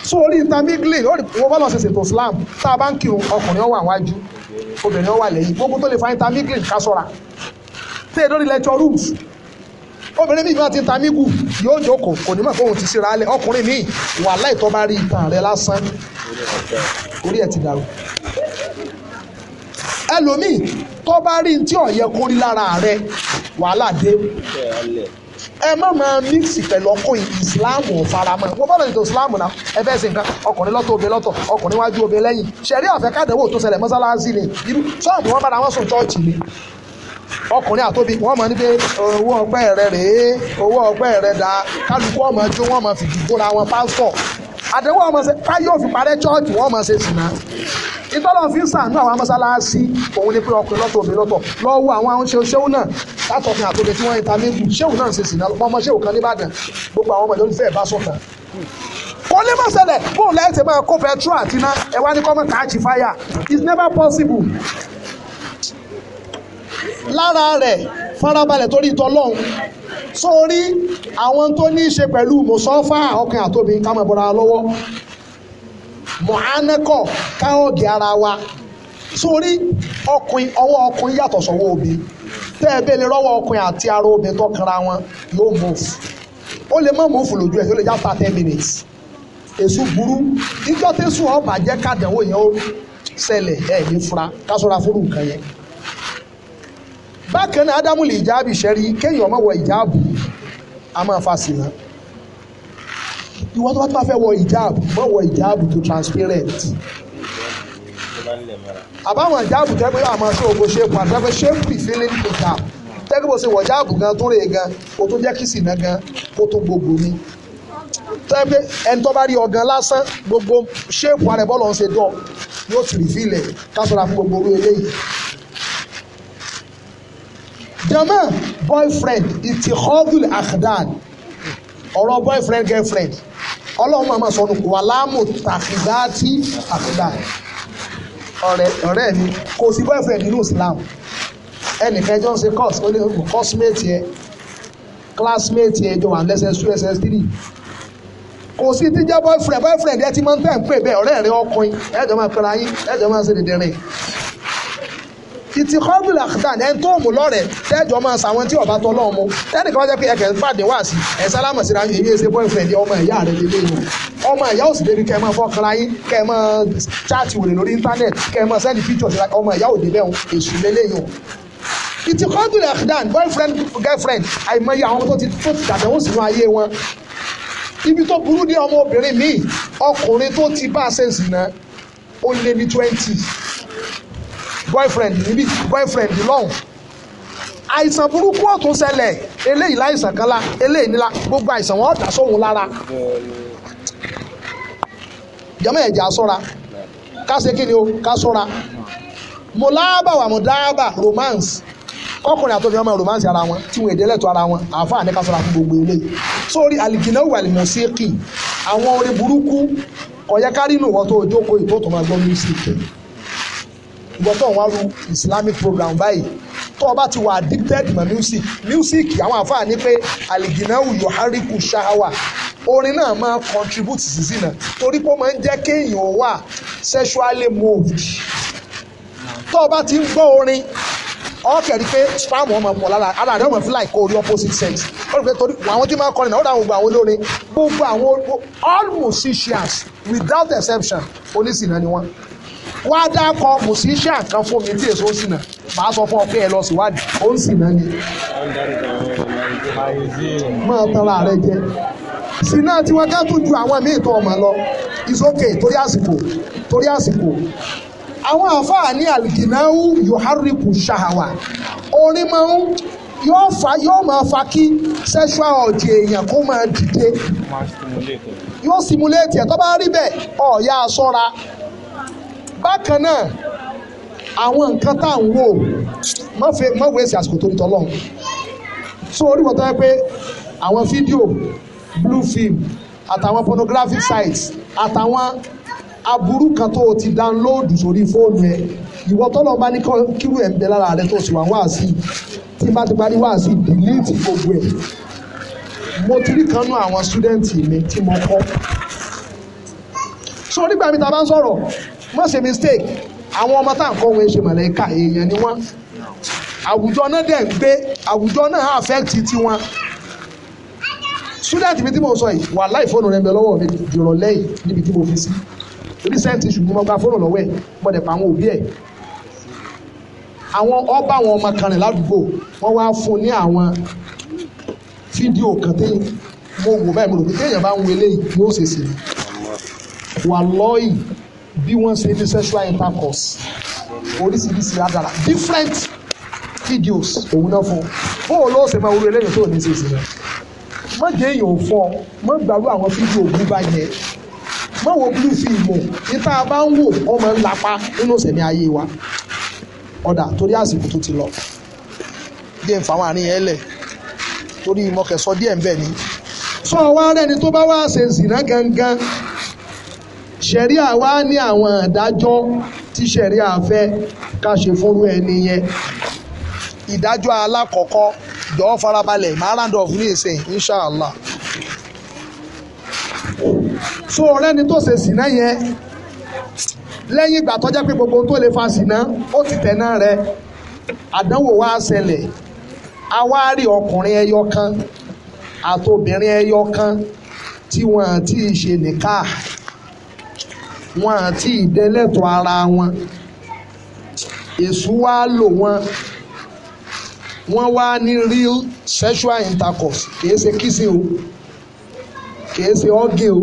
so orí intermingling ó rí wọ́n bá lọ ṣe ṣètò slam tá a bá ń kírun ọkùnrin ọwọ́ àwọn obìnrin wà lẹ́yìn gbogbo tó lè fa intermingling ká sọ́ra tẹ́ ẹ lórí lecture rooms obìnrin míì máa ti ta mígù yóò jókòó kò ní mọ̀ pé òun ti síra alẹ́ ọkùnrin míì wà láì tó bá rí ìtàn rẹ̀ lásán orí ẹ̀ ti dàrú ẹlòmíì tó bá rí tí ó yẹ lára rẹ̀ wàhálà dé ẹ má máa mixi pẹ̀lú ọkùnrin ìsìláàmù faramọ́ wọ́n bá lọ́dún tó ìsìláàmù náà ẹ fẹ́ ṣe nǹkan ọkùnrin lọ́tọ̀ obìnrin lọ́tọ̀ ọkùnrin wájú obìnrin lẹ́yìn ṣẹ̀rí àfẹ́kádẹ́wò tó ṣẹlẹ̀ mọ́sálásí ni irú ṣọ́ọ̀bù wọn bára wọn sùn chọ́ọ̀chì ni ọkùnrin àtóbi wọn máa ní pé owó ọgbẹ́ rẹ rèé owó ọgbẹ́ rẹ da. kálukú ọmọ jó wọn máa fìdí gbóra wọn pásítọ̀ àdéhùn ọmọ ṣe káyọ̀ fi parẹ́ chọ́ọ̀chì wọn máa ṣe sùn náà ìtọ́lọ̀ fi ń sàánú àwọn amọ́sálásí òun ni pé ọkùnrin lọ́tọ̀ obìnrin lọ́tọ̀ lọ́wọ́ àwọn àwọn ṣeun ṣeun náà látọ̀kùn àtòkè tí wọ́n ń ta méjì ṣeun náà ṣe sì náà ọmọ ṣeun kan nìbàdàn gbogbo àwọn ọmọdé olùfẹ́ bá sọ̀tàn. kò lè má ṣẹlẹ̀ bóun láì tẹ̀ máa kó pẹtrol àti iná ẹ wá ní kọ́mọ̀ káàkiri fáyà it's never possible. lára rẹ̀ farabalẹ̀ torí ìtọ́ lọ́hùn sórí àwọn tó ní í ṣe pẹ̀lú mọ̀sọ́fà ọkùnrin àtòbí ká máa bọ́ra lọ́wọ́ mọ̀hánákọ̀ káhọ́ọ̀gì ara wa sórí ọkùnrin ọwọ́ ọkùnrin yàtọ̀ sọ́wọ́ obìnrin tẹ́ ẹ bẹ́ẹ̀ lè rọ́wọ́ ọkùnrin àti ara obìnrin tó kanra wọn yóò move ó lè má move lójú ẹ̀ tó lè já ta ten minutes èso burú ìjọ tẹ̀sùn ọba jẹ́ kádẹ̀wò yẹn ó ṣẹlẹ̀ ẹ̀ ní fura kásọ̀ra fúru nǹkan yẹn bákan náà ádámù lè jáàbì ṣẹ́rí kéèyàn ọmọ wọ ìjáàbù a máa fa sí náà ìwọ tó bá tó bá fẹ́ wọ ìjáàb má wọ ìjáàb tó transparent àbáwọn ìjáàbù tẹ́ pé àmọ́ ṣé ogo ṣe pàtó pé ṣé ń pì fílẹ̀ nìkan tẹ́kí bó ṣe wọ̀ jáàbù gan tó rèé gan kó tó jẹ́ kí sì ná gan kó tó gbogbo mi tẹ́ pé ẹni tó bá rí ọ̀gán lásán gbogbo ṣéèpù ara ẹ̀ bọ́ọ̀lù ọ̀hún ṣe dọ̀ yóò tì fílẹ̀ kásọ̀rọ̀ àfún gbogbo orí eléyìí. jama boyfriend ìtìkọ́dùn àkàdán ọ̀rọ̀ boyfriend girlfriend ọlọ́run máa máa sọnù wà láàmú tàkìdá tí àkìdá ọ̀rẹ́ mi kò sí boyfriend nínú Islam ẹnìkan ẹjọ́ ń ṣe course ó ní coursemate yẹ classmate yẹ ẹjọ́ wà lẹ́sẹ̀ two ss three kò sí tíjẹ́ boyfriend boyfriend ẹ ti máa ń tẹ̀ ń pè bẹ́ẹ̀ ọ̀rẹ́ rẹ ọkùnrin ẹjọ́ máa pẹ́ra yín ẹjọ́ máa ṣe dèdè rìn ìtì kọ́ńdùn làkàtà ẹni tó mú lọ́rẹ̀ tẹ́jọ́ máa sa àwọn tí ọba tọ́ lọ́wọ́ mu tẹ́nì kan jẹ́ pé ẹ̀kẹ́ fàdé wá sí ẹ̀ sálámà síra yìí èyí ṣe boyfriend ọmọ ìyá rẹ̀ lè léyìn ọmọ ìyá ò sì débi kẹ́ ẹ máa fọ́kànra yín kẹ́ ẹ máa chaati wòlé lórí íńtánẹ̀tì kẹ́ ẹ máa sẹ́ndì pictures ọmọ ìyá ò dé bẹ́ẹ̀ èṣù lélẹ́yìn ìtì kọ́ńdùn làkàtà boyfriend girlfriend àìmọye àwọn tó ti tó ti dàbẹ̀ wọ́n sì nú ayé wọn ibi tó burú ní ọmọ obìnrin míì ọkùnrin tó ti bá a ṣe zìnà ó lé ní twenty boyfriend níbí boyfriend lọ́hùn àìsàn burúkú ọ̀tún ṣẹlẹ̀ eléyìí láìsàn kan la eléyìí níla gbogbo àìsàn wọn ọ̀dà sóhun lára jọmọ ẹ̀jẹ̀ àsọ́ra ká ṣe kí ni o ká sọ́ra mo láàbà wà mo dáàbà romance ọkùnrin àti obìnrin ọmọ romance ara wọn tí wọn èdè lẹ́tọ̀ ara wọn àáfàá ní ká sọ́ra fún gbogbo eléyìí sórí alìkìnà wà lè mọ̀ sí kì àwọn orin burúkú ọ̀yẹ́kárí nù wọ́n tó ojókòó ìtòtò máa gbọ́ music ìwọ tó ń wá ru islamic program báyìí tó o bá ti wà addicted mọ́ music music àwọn àfáà ní pé aliginahu yohariku shahawa orin náà máa contribute sí sí náà torí pé ó máa ń jẹ́ kéèyàn wà sexually moved tó o bá ti ń gbọ́ orin ọkẹ rí pé spam ọmọ pọ̀ lára ara rẹ ọmọ fi láì kó orí opposite sex ó rí pé torí àwọn tí máa ń kọrin náà ó dà gbogbo àwọn olórin gbogbo àwọn all musicians without exception onísìnà ni wọ́n wa dákọ dákọ̀ kò sí iṣẹ́ àkàn fún mi tí èso sì nà màá sọ fún ọ pé ẹ lọ síwádìí ó ń sì náà ni. máa rẹ jẹ sinna tí wọ́n ká ju àwọn míì tó ọmọ lọ ìsókè torí àsìkò torí àsìkò àwọn àfáà ní àlìkìnáwó yohariku ṣahawa orin máa ń yóò fa yóò máa fa kí sexual ọ̀jẹ̀ èèyàn kó máa dìde yóò simulate ẹ̀ tó bá rí bẹ́ẹ̀ bákan náà àwọn nǹkan tá à ń wò má wéèsì àsìkò tó ń tọ́ so orí tó yẹ pé àwọn fídíò blue film àtàwọn pornographic sites àtàwọn aburú kan tó o ti dáńlóòdù sórí fóònù ẹ ìwọ tọ́lọ̀ bá ní kíru ẹ̀ ń bẹ lára rẹ tó sì wà wáàsí tí n bá ti parí wáàsí delete gbogbo ẹ̀ mo ti rí kan nú àwọn student mi tí mo kọ́ so nígbà mi ta bá ń sọ̀rọ̀ má ṣe mistake àwọn ọmọ tá à ń kọ́ wọn ṣe màlẹ́kà èèyàn ni wọ́n àwùjọ náà dẹ̀ ń gbé àwùjọ náà affect tiwọn student mi tí mo sọ yìí wà láì fóònù rẹ ń bẹ lọ́wọ́ mi jùlọ lẹ́yìn níbi tí mo fi sí recent ṣùgbọ́n mo gba fóònù lọ́wọ́ ẹ̀ mo dẹ̀ pa àwọn òbí ẹ̀ àwọn ọba àwọn ọmọ kan rìn ládùúgbò wọ́n wá fún ní àwọn fídíò kan tí mo wò báyìí mo rò pé téèyàn bá ń wọlé yìí yóò ṣèṣe wà lọ́yìn bí wọ́n ṣe ní sexual intercourse oríṣiríṣi àdàlà different videos òun náà fún un ó lọ́ọ́ ṣe máa wúlò eléyìí tó ní ṣe sí náà má jẹ́ èèyàn ò fọ́ má gbàrú àwọn fídíò ògùn bá yẹ má wo blue film o ìta bá ń wò ó máa ń lapa nínú ìsẹ̀mí ayé wa ọ̀dà torí àsìkò tó ti lọ díẹ̀ ń fa àwọn àárín yẹn lẹ̀ torí ìmọ̀kẹ́sọ díẹ̀ ń bẹ̀ ni. sọ wá rẹ́ni tó bá wá ṣe zìnnà gangan ṣẹ̀ríà wá ní àwọn ìdájọ́ tí ṣẹ̀ríà fẹ́ ká ṣe fúnrú ẹni yẹn ìdájọ́ alákọ̀ọ́kọ́ jọ̀ọ́ farabalẹ̀ máa round off ní ìsìn inshàlá fún ọ̀rẹ́ni tó ṣe sìnà yẹn lẹ́yìn ìgbà tó jẹ́ pé gbogbo tó lè fa sìnà ó ti tẹ̀ náà rẹ àdánwò wá ṣẹlẹ̀ a wá rí ọkùnrin ẹyọ kan àtobìnrin ẹyọ kan tí wọn ti ṣe nìka wọn àti ìdẹ́lẹ́tọ̀ ara wọn èṣù wá lò wọn wọ́n wá ní real sexual intercourse kìí ṣe kissing o kìí ṣe hugging o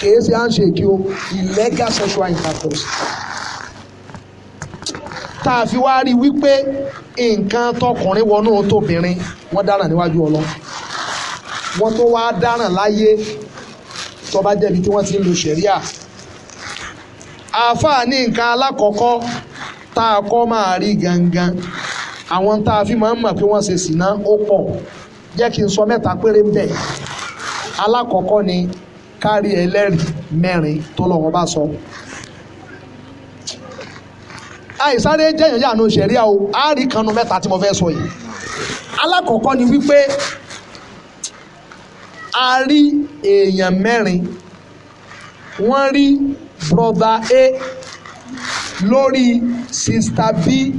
kìí ṣe handshake o illegal sexual intercourse tá a fi wá rí wípé nǹkan tọkùnrin wọnú tóbìnrin wọ́n dáràn níwájú ọlọ́ wọ́n tó wá dáràn láyé tó bá jẹ́bi tí wọ́n ti ń lo ṣẹ̀ríà àáfàá ní nǹkan alákọ̀ọ́kọ́ tá a kọ́ máa rí gangan àwọn tá a fi máa ń mọ̀ pé wọ́n ṣe sìná ó pọ̀ jẹ́ kí n sọ mẹ́ta péré ń bẹ̀ alákọ̀ọ́kọ́ ni kárí ẹlẹ́rìí mẹ́rin tó lọ́wọ́ bá sọ. àìsáré jẹ́yàn yàánú ṣẹ̀ríà o àárí kanu mẹ́ta tí mo fẹ́ sọ yìí alákọ̀ọ́kọ́ ni wípé a rí èèyàn mẹ́rin wọ́n rí brother A lórí sister B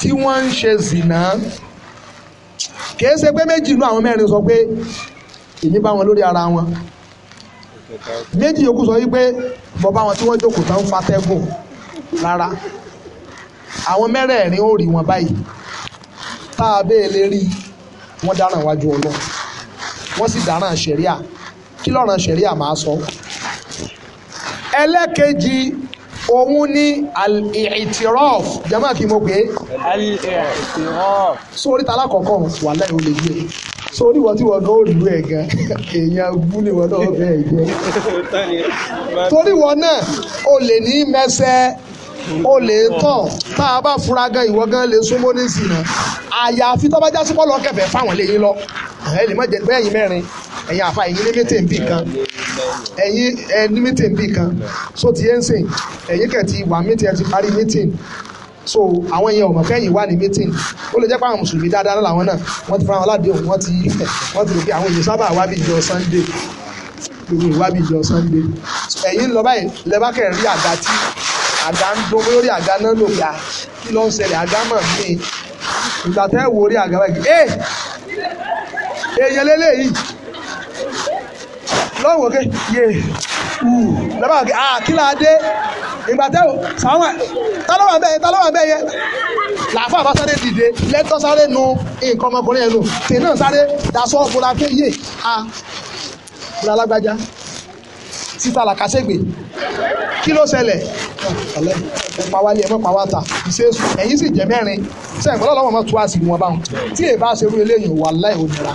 tí wọ́n ń ṣe zìnà kìí ṣe pé méjì inú àwọn mẹ́rin sọ pé èyí bá wọn lórí ara wọn méjì yòókù sọ wípé mo bá wọn tí wọ́n jókòó tán ń fatẹ́gùn rárá àwọn mẹ́rẹ̀ẹ̀rin ò rí wọn báyìí tá a bẹ́ẹ̀ lè rí wọ́n dáràn wájú ọlọ́ wọ́n sì dáràn ṣẹ̀ríà kí lọ́ràn ṣẹ̀ríà máa sọ ẹlẹ́kejì òun ni al-i'tiraf jama kí mo pè é. al-i'tiraf. sórí ta alákọ̀ọ́kọ́ wà láì ó lè gbé sórí wọ́n tí wọ́n náà ó lù ẹ̀ gan èèyàn bú ni wọ́n náà bẹ́ẹ̀ jẹ́. torí wọn náà o lè ní mẹsẹ̀ o lè tàn tá a bá fura gan ìwọ gan lè súnmọ́ ní ìsìn náà àyàfi tó bá já sí pọ́lọ́ kẹfẹ́ fáwọn lè yín lọ ẹ mẹ́rin ẹ̀yin àfa ẹ̀yin ń bì kan ẹ̀yin ẹ ní mítìn bíi kan so ti yẹn ń sìn ẹ̀yin kẹ̀ ti wà mítìn ẹ ti parí mítìn so àwọn èèyàn ọmọ kẹ́yìn wà ní mítìn ó lè jẹ́ pé àwọn mùsùlùmí dáadáa náà làwọn náà wọ́n ti fara aládé òun wọ́n ti wọ́n ti rò pé àwọn èèyàn sábà wá bí ìjọ sunday gbogbo ìwá bí ìjọ sunday ẹ̀yin ń lọ báyìí lẹ́bàkẹ́ rí àga tí àga ń dún lórí àga náà lò pé kí ló ń ṣẹlẹ̀ àga mọ̀ mí ìgbà tẹ́ wo orí àga báyìí ẹ̀ èèyàn lélẹ́yìí lọ́wọ́ òkè yé lọ́wọ́ òkè à kí la dé ìgbà tẹ́ o sàwọn tálọ́wà bẹ́ẹ̀ tálọ́wà bẹ́ẹ̀ yẹ làáfà bá sáré dìde lẹ́tọ́ sáré nu nǹkan ọmọkùnrin yẹn lò tè náà sáré dasọ bọ́lá pé yé a bọ́lá alágbájá síta làkàṣègbè kí ló ṣẹlẹ̀ ẹ pa wálé ẹ mọ̀ pa wá ta ìṣesù ẹ̀yìn sì jẹ́ mẹ́rin sẹ́yìn pẹ̀lú ọlọ́wọ́ mọ̀ tó àsìkò wọn báwọn tí èèbá ṣerú eléyìí wà láì òmìnira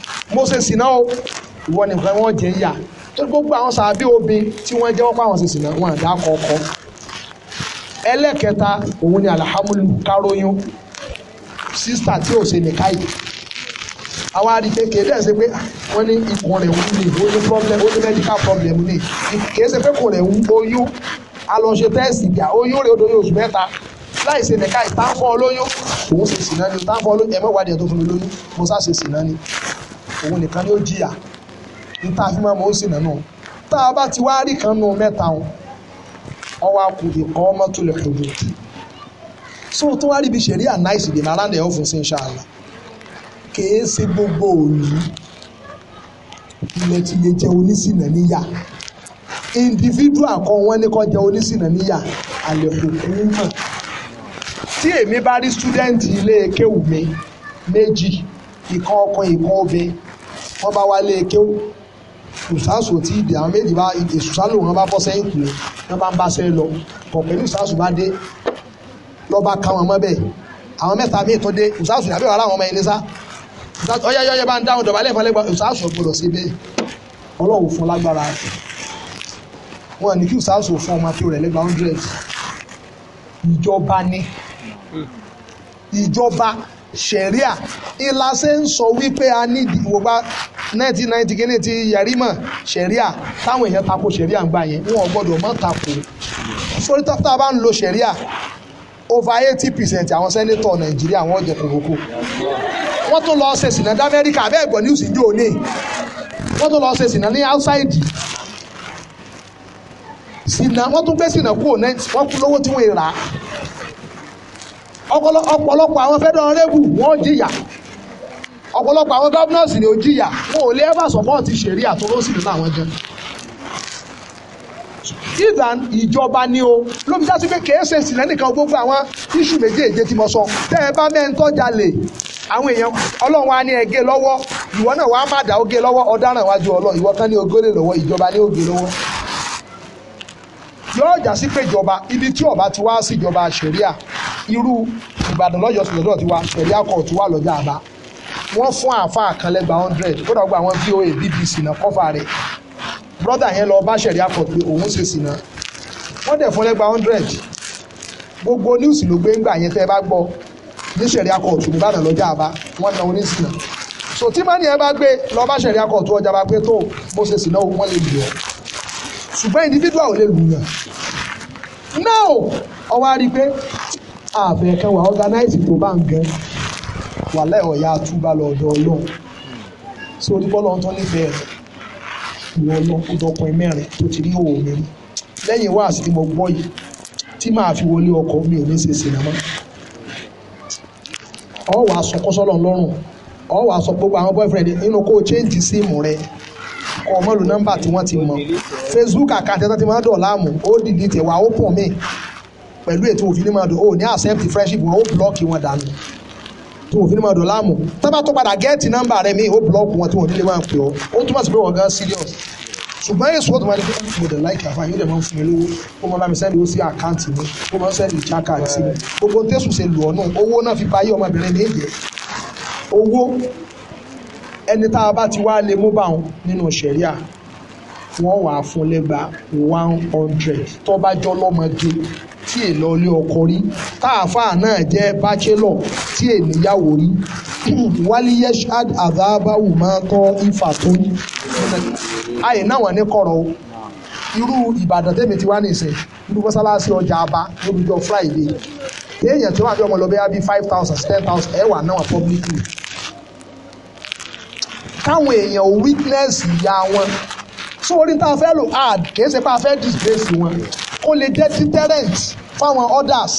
mo ṣe sìnà o ìwọ nìkan wọn jẹ yà tó gbogbo àwọn sàbí obìn tí wọ́n jẹ́wọ́ pé àwọn ṣe sìnà wọn àdá kọ̀ọ̀kọ́ ẹlẹ́kẹta òun ni alhamdu karoyún sísà tí ò ṣe nìkan yìí àwa rí pé kéde ẹ̀ ṣe pé ah, wọ́n ní ikùn rẹ̀ ń ní ó ní problem ó ní medical problem ní kìí ṣe pé kò rẹ̀ ń oyún a lọ ṣe tẹ́sì gbà oyún rẹ̀ odò oṣù mẹ́ta láì ṣe nìkan ìtàn fún ọ lóyún òun ṣe sì náà ni ìtàn fún ọ lóyún ẹ̀mẹ́wàá díẹ̀ tó fún mi lóyún mo sá ṣe sì òun nìkan ni ó jìyà níta fi máa mọ̀ ó sì nànú tá a bá ti wá rí kan nù mẹ́ta wọn ọwọ́ akù ìkọ́ ọmọ tó lè kọjú so tó wá rí ibi ṣẹ̀rí ànáìsì dènà aláǹdà ẹ̀ ọ̀fun sí ń ṣàlà kèé ṣe gbogbo òní ilẹ̀ tí lè jẹ́ oníṣìnà níyà individual kan wọ́n ní kó jẹ́ oníṣìnà níyà àlẹ́ òkú mọ̀ tí èmi bá rí student ilé kéwù mi méjì ìkan ọkọ ìkan obìnrin wọ́n bá wálé kéwù ìsásù tí ìdè àwọn méjì bá ìsùsálò wọn bá bọ́ sẹ́yìn kùlé wọn bá ń bá sẹ́yìn lọ pọ̀ pẹ̀lú ìsásù bá dé lọ́ba ká wọn mọ́ bẹ́ẹ̀ àwọn mẹ́ta míì tó dé ìsásù yàbí wàrà àwọn ọmọ ilé sá ọyá yọyẹ bá ń dáhùn dọ̀bálẹ̀ ìfọlẹ́gbà ìsásù gbọdọ̀ sí bẹ́ẹ̀ ọlọ́wọ́ fún lágbára wọn ní kí ìsásù fún ọmọ akéwò rẹ̀ lẹ́gbà ìjọba ni ìjọba ṣẹ̀ríà ìlà ṣe ń sọ wípé a ní ìwògbà 1990 kìíní ti yẹrí mọ̀ ṣẹ̀ríà táwọn èèyàn tako ṣẹ̀ríà ń gbà yẹn wọn ò gbọ́dọ̀ mọ́ tako sórí tá a bá ń lo ṣẹ̀ríà over eighty percent àwọn sẹ́nétọ̀ nàìjíríà wọ́n jẹ kòkòkò wọ́n tún lọ ṣe sìnà ní amẹ́ríkà bẹ́ẹ̀ gbọ́ news ìjọ òní wọ́n tún lọ ṣe sìnà ní outside sìnà wọ́n tún gbé sìnà kúrò wọ́n kú lówó tí wọ́n rà ọ̀pọ̀lọpọ̀ àwọn federal rẹ́bù wọ́n jìyà ọ̀pọ̀lọpọ̀ àwọn governors ni ó jìyà wọn ò lè ever support ṣẹ̀ríà tó ló sì nínú àwọn jẹun ìdán ìjọba ni o lóbi dá sí pé kèé ṣe sílẹ̀ nìkan gbogbo àwọn iṣu méjèèjì tí mo sọ tẹ́ ẹ bá mẹ́ńtọ́ jalè àwọn èèyàn ọlọ́run wa ní ẹgẹ́ lọ́wọ́ ìwọ náà wàá má dà oge lọ́wọ́ ọ̀daràn wájú ọlọ́ ìwọ kan ní ogólè lọ́wọ́ ìjọba ní oge lọ́wọ́ yóò jà sí pé ìjọba ibi tí ọba ti wá sí ìjọba àṣẹríà irú ìbàdàn lọ́yọ̀ sí lọ́dọ̀ tiwa pẹ̀lú akọ̀rọ̀ tó wà lọ́jà àbá wọ́n fún àáfàá kan hundred ó dàgbà àwọn voa bbc náà kọ́fà rẹ̀ brọ́dà yẹn lọ bá ṣẹ̀rí akọ̀ pé òun ṣe sì náà wọ́n dẹ̀ fún lẹ́gbàá hundred gbogbo níwùsì ló gbé ńgbà yẹn tẹ́ bá gbọ́ ní ṣẹ̀rí akọ̀ tó ìbàdàn lọ́jà àbá wọ́n na oníṣìnà so tí mọ́ni ẹ bá gbé lọ bá ṣẹ̀rí akọ̀ tó ọjà bá gbé tó bó ṣe sì náà wọ́n lè lù ọ́ ṣùgbọ́n individual ò lè lù yàn náà ọwọ́ á rí pé àfẹ́ kan wà organize tó bá ń gan wà láì ọ̀yà àtúbà lọ́dọ̀ ọlọ́run sórí bọ́lọ̀ tó nífẹ̀ẹ́ ìwọ lọ ó dọkùnrin mẹ́rin tó ti rí òun mi lẹ́yìn wá àsìkò mo gbọ́ yìí tí màá fi wọlé ọkọ̀ mi ò ní ṣe sinimá ọ wà á sọkọ́ sọ́lọ̀ lọ́rùn ọ wà á sọ gbogbo àwọn boyfriend nínú kó o change síìmù rẹ kọ ọmọ lu nọ́mbà tí wọ́n ti mọ̀ Facebook àkáǹtì tó ti máa dọ̀ láàmú ó dìlítì wà ó pọ̀ mí pẹ̀lú ètò òfin ní máa dùn ó ní accept friendship wọn ó blọ́ọ̀kì wọn dànù tí wọn fi ní máa dùn láàmú tábà tó padà gẹ́ẹ̀tì nọ́mbà rẹ mi ó blọ́ọ̀kì wọn tí wọn nílé máa pè ọ́ ó túmọ̀ sí pé wọ́n gan serious ṣùgbọ́n èso tó máa ní kí mo dẹ̀ láìka fún àyè ó dẹ̀ máa ń fún mi lówó ó máa bá mi sẹ́ni ó sí àkáǹtì mi ó máa ń sẹ́ni ìjà káàtì mi gbogbo tẹ́sùn ṣe lù ọ́ náà owó náà fi báyé ọmọbìnrin ní èjẹ́ owó ẹni tá a bá ti wá lè mú bá wọn nínú ṣẹ̀ríà wọ́n wàá fún lẹ́gbàá one hundred tó bá jọ lọ́mọdé tí è lọ ilé ọkọ rí táàfáà náà jẹ́ bachelor tí è níyàwó rí wálé yeshad adábáwù máa tọ́ ifá tó ní. àyè náà wọ́n ní kọ̀rọ̀ o irú ìbàdàn tẹ́mi ti wá nìsín irú mọ́sálásí ọjà àbá lójújọ́ friday èèyàn tí wọ́n àti ọmọ lọ bẹ́yà bíi five thousand ten thousand ẹ̀wà náà publicly káwọn èèyàn witness ìyá wọn sórí tá a fẹ́ lò á kèé ṣe pé a fẹ́ disgrace wọn ó lè jẹ́ deterrent fáwọn others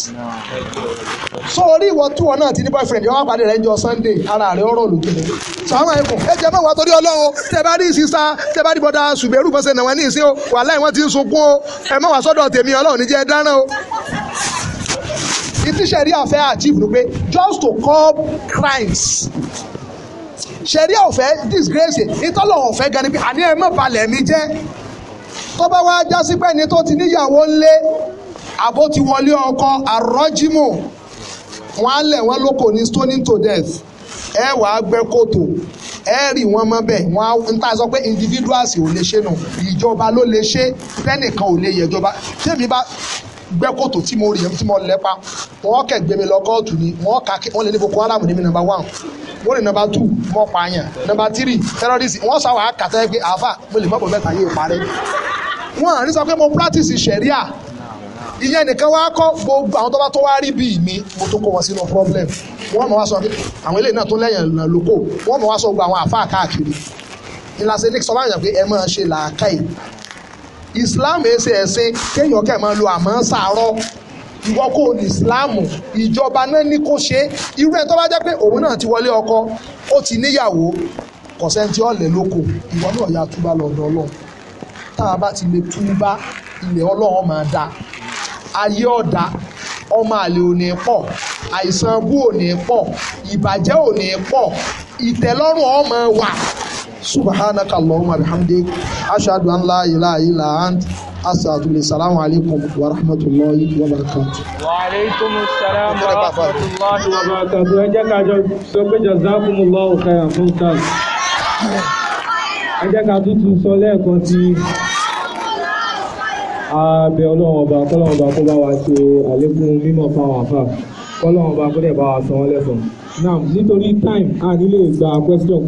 so orí ìwọ tí wọn náà ti ní boyfriend yọ wá pàdé rẹ jọ Sunday ara rẹ ọ̀rọ̀ lókèrè sàmà ẹkùn ẹ jẹ mẹwàá torí Ọlọ́run tẹ bá rí sísá tẹ bá rí bọdà ṣùgbẹrù bọsẹ náà wọn ní ìsín o wàhálà ìwọn ti ń sunkún o ẹ mẹwàá sọ́dọ̀ tèmi Ọlọ́run níjẹ dáná o ìdí sẹ̀rí àfẹ́ achieve ló pé just to curb crimes sẹ̀rí àfẹ́ disgrace ìtọ́lọ̀ ọ̀fẹ́ gan ni pé àní ẹ̀ mọ̀ balẹ̀ mi jẹ́ tó bá wá já sí pé ẹni tó ti níyàwó ńlé àbó ti wọlé ọkọ àrọ́jímò wọn á lẹ̀ wọ́n lóko ní stoning to death ẹ wà á gbẹ́ kòtò ẹ rì wọ́n mọ́ bẹ́ẹ̀ wọ́n á ń tà sọ pé individuals ò lè ṣe nù ìjọba ló lè ṣe tẹ́nìkan ò lè yẹ ìjọba tèmi bá gbẹ́ kòtò tí mo rí ẹni tí mo lẹ́pa wọ́n kẹ̀ gbé mi lọ kóòtù ni wọ́n kà kí wọ́n lè ní boko haram ní mi number one wọ́n lè number two mọ̀ pààyàn number three terrorist wọ́n sáwà á kàtà pé àáfà mo lè mọ̀ bọ̀ mẹ́ta yé ìparẹ́ wọn àrí sọ pé mo practice ṣẹ̀ríà ìyẹn nìkan wá kọ́ gbogbo àwọn tó bá tó wá rí bíi mi mo tó kó wọn sínú problem wọ́n mọ̀ wá sọ pé àwọn eléyìí náà tó lẹ́yìn ìlànà lóko wọ́n mọ̀ wá sọ gbogbo àwọn àfáà káàkiri ìlàsẹ̀ ní sọ báyìí pé ẹ máa ṣe làákàyè Islam èsì ẹ̀sìn kéèyàn kẹ́ máa lo àmọ́ sàárọ̀ ìwọ kò ní ìsìláàmù ìjọba náà ní kó ṣe irú ẹ̀ tó bá jẹ́ pé òun náà ti wọlé ọkọ ó ti níyàwó kọ̀sẹ́ntì ọ̀lẹ́ lóko ìwọ náà yà túbà lọ́dọ̀ Ọlọ́run tá a bá ti lè túbá ilẹ̀ ọlọ́run máa da ayé ọ̀dà ọmọ àlè ò ní pọ̀ àìsàn bú ò ní pọ̀ ìbàjẹ́ ò ní pọ̀ ìtẹ́lọ́rùn ọmọ wà. subhanaka allahumma bihamdik ashhadu an la ilaha illa ant astaghfiruka salamu alaykum wa rahmatullahi wa barakatuh wa alaikum assalam wa rahmatullahi wa barakatuh en jaka jo so pe jazakumullahu khairan fun tan en jaka tutu so lekan ti abẹ ọlọ́run ọba kọ́lọ́run ọba kó bá wa ṣe àlékún mímọ̀ fáwọn àfà kọ́lọ́run ọba kó dẹ̀ bá wa san wọ́n lẹ́san. now nítorí time a nílè gba question.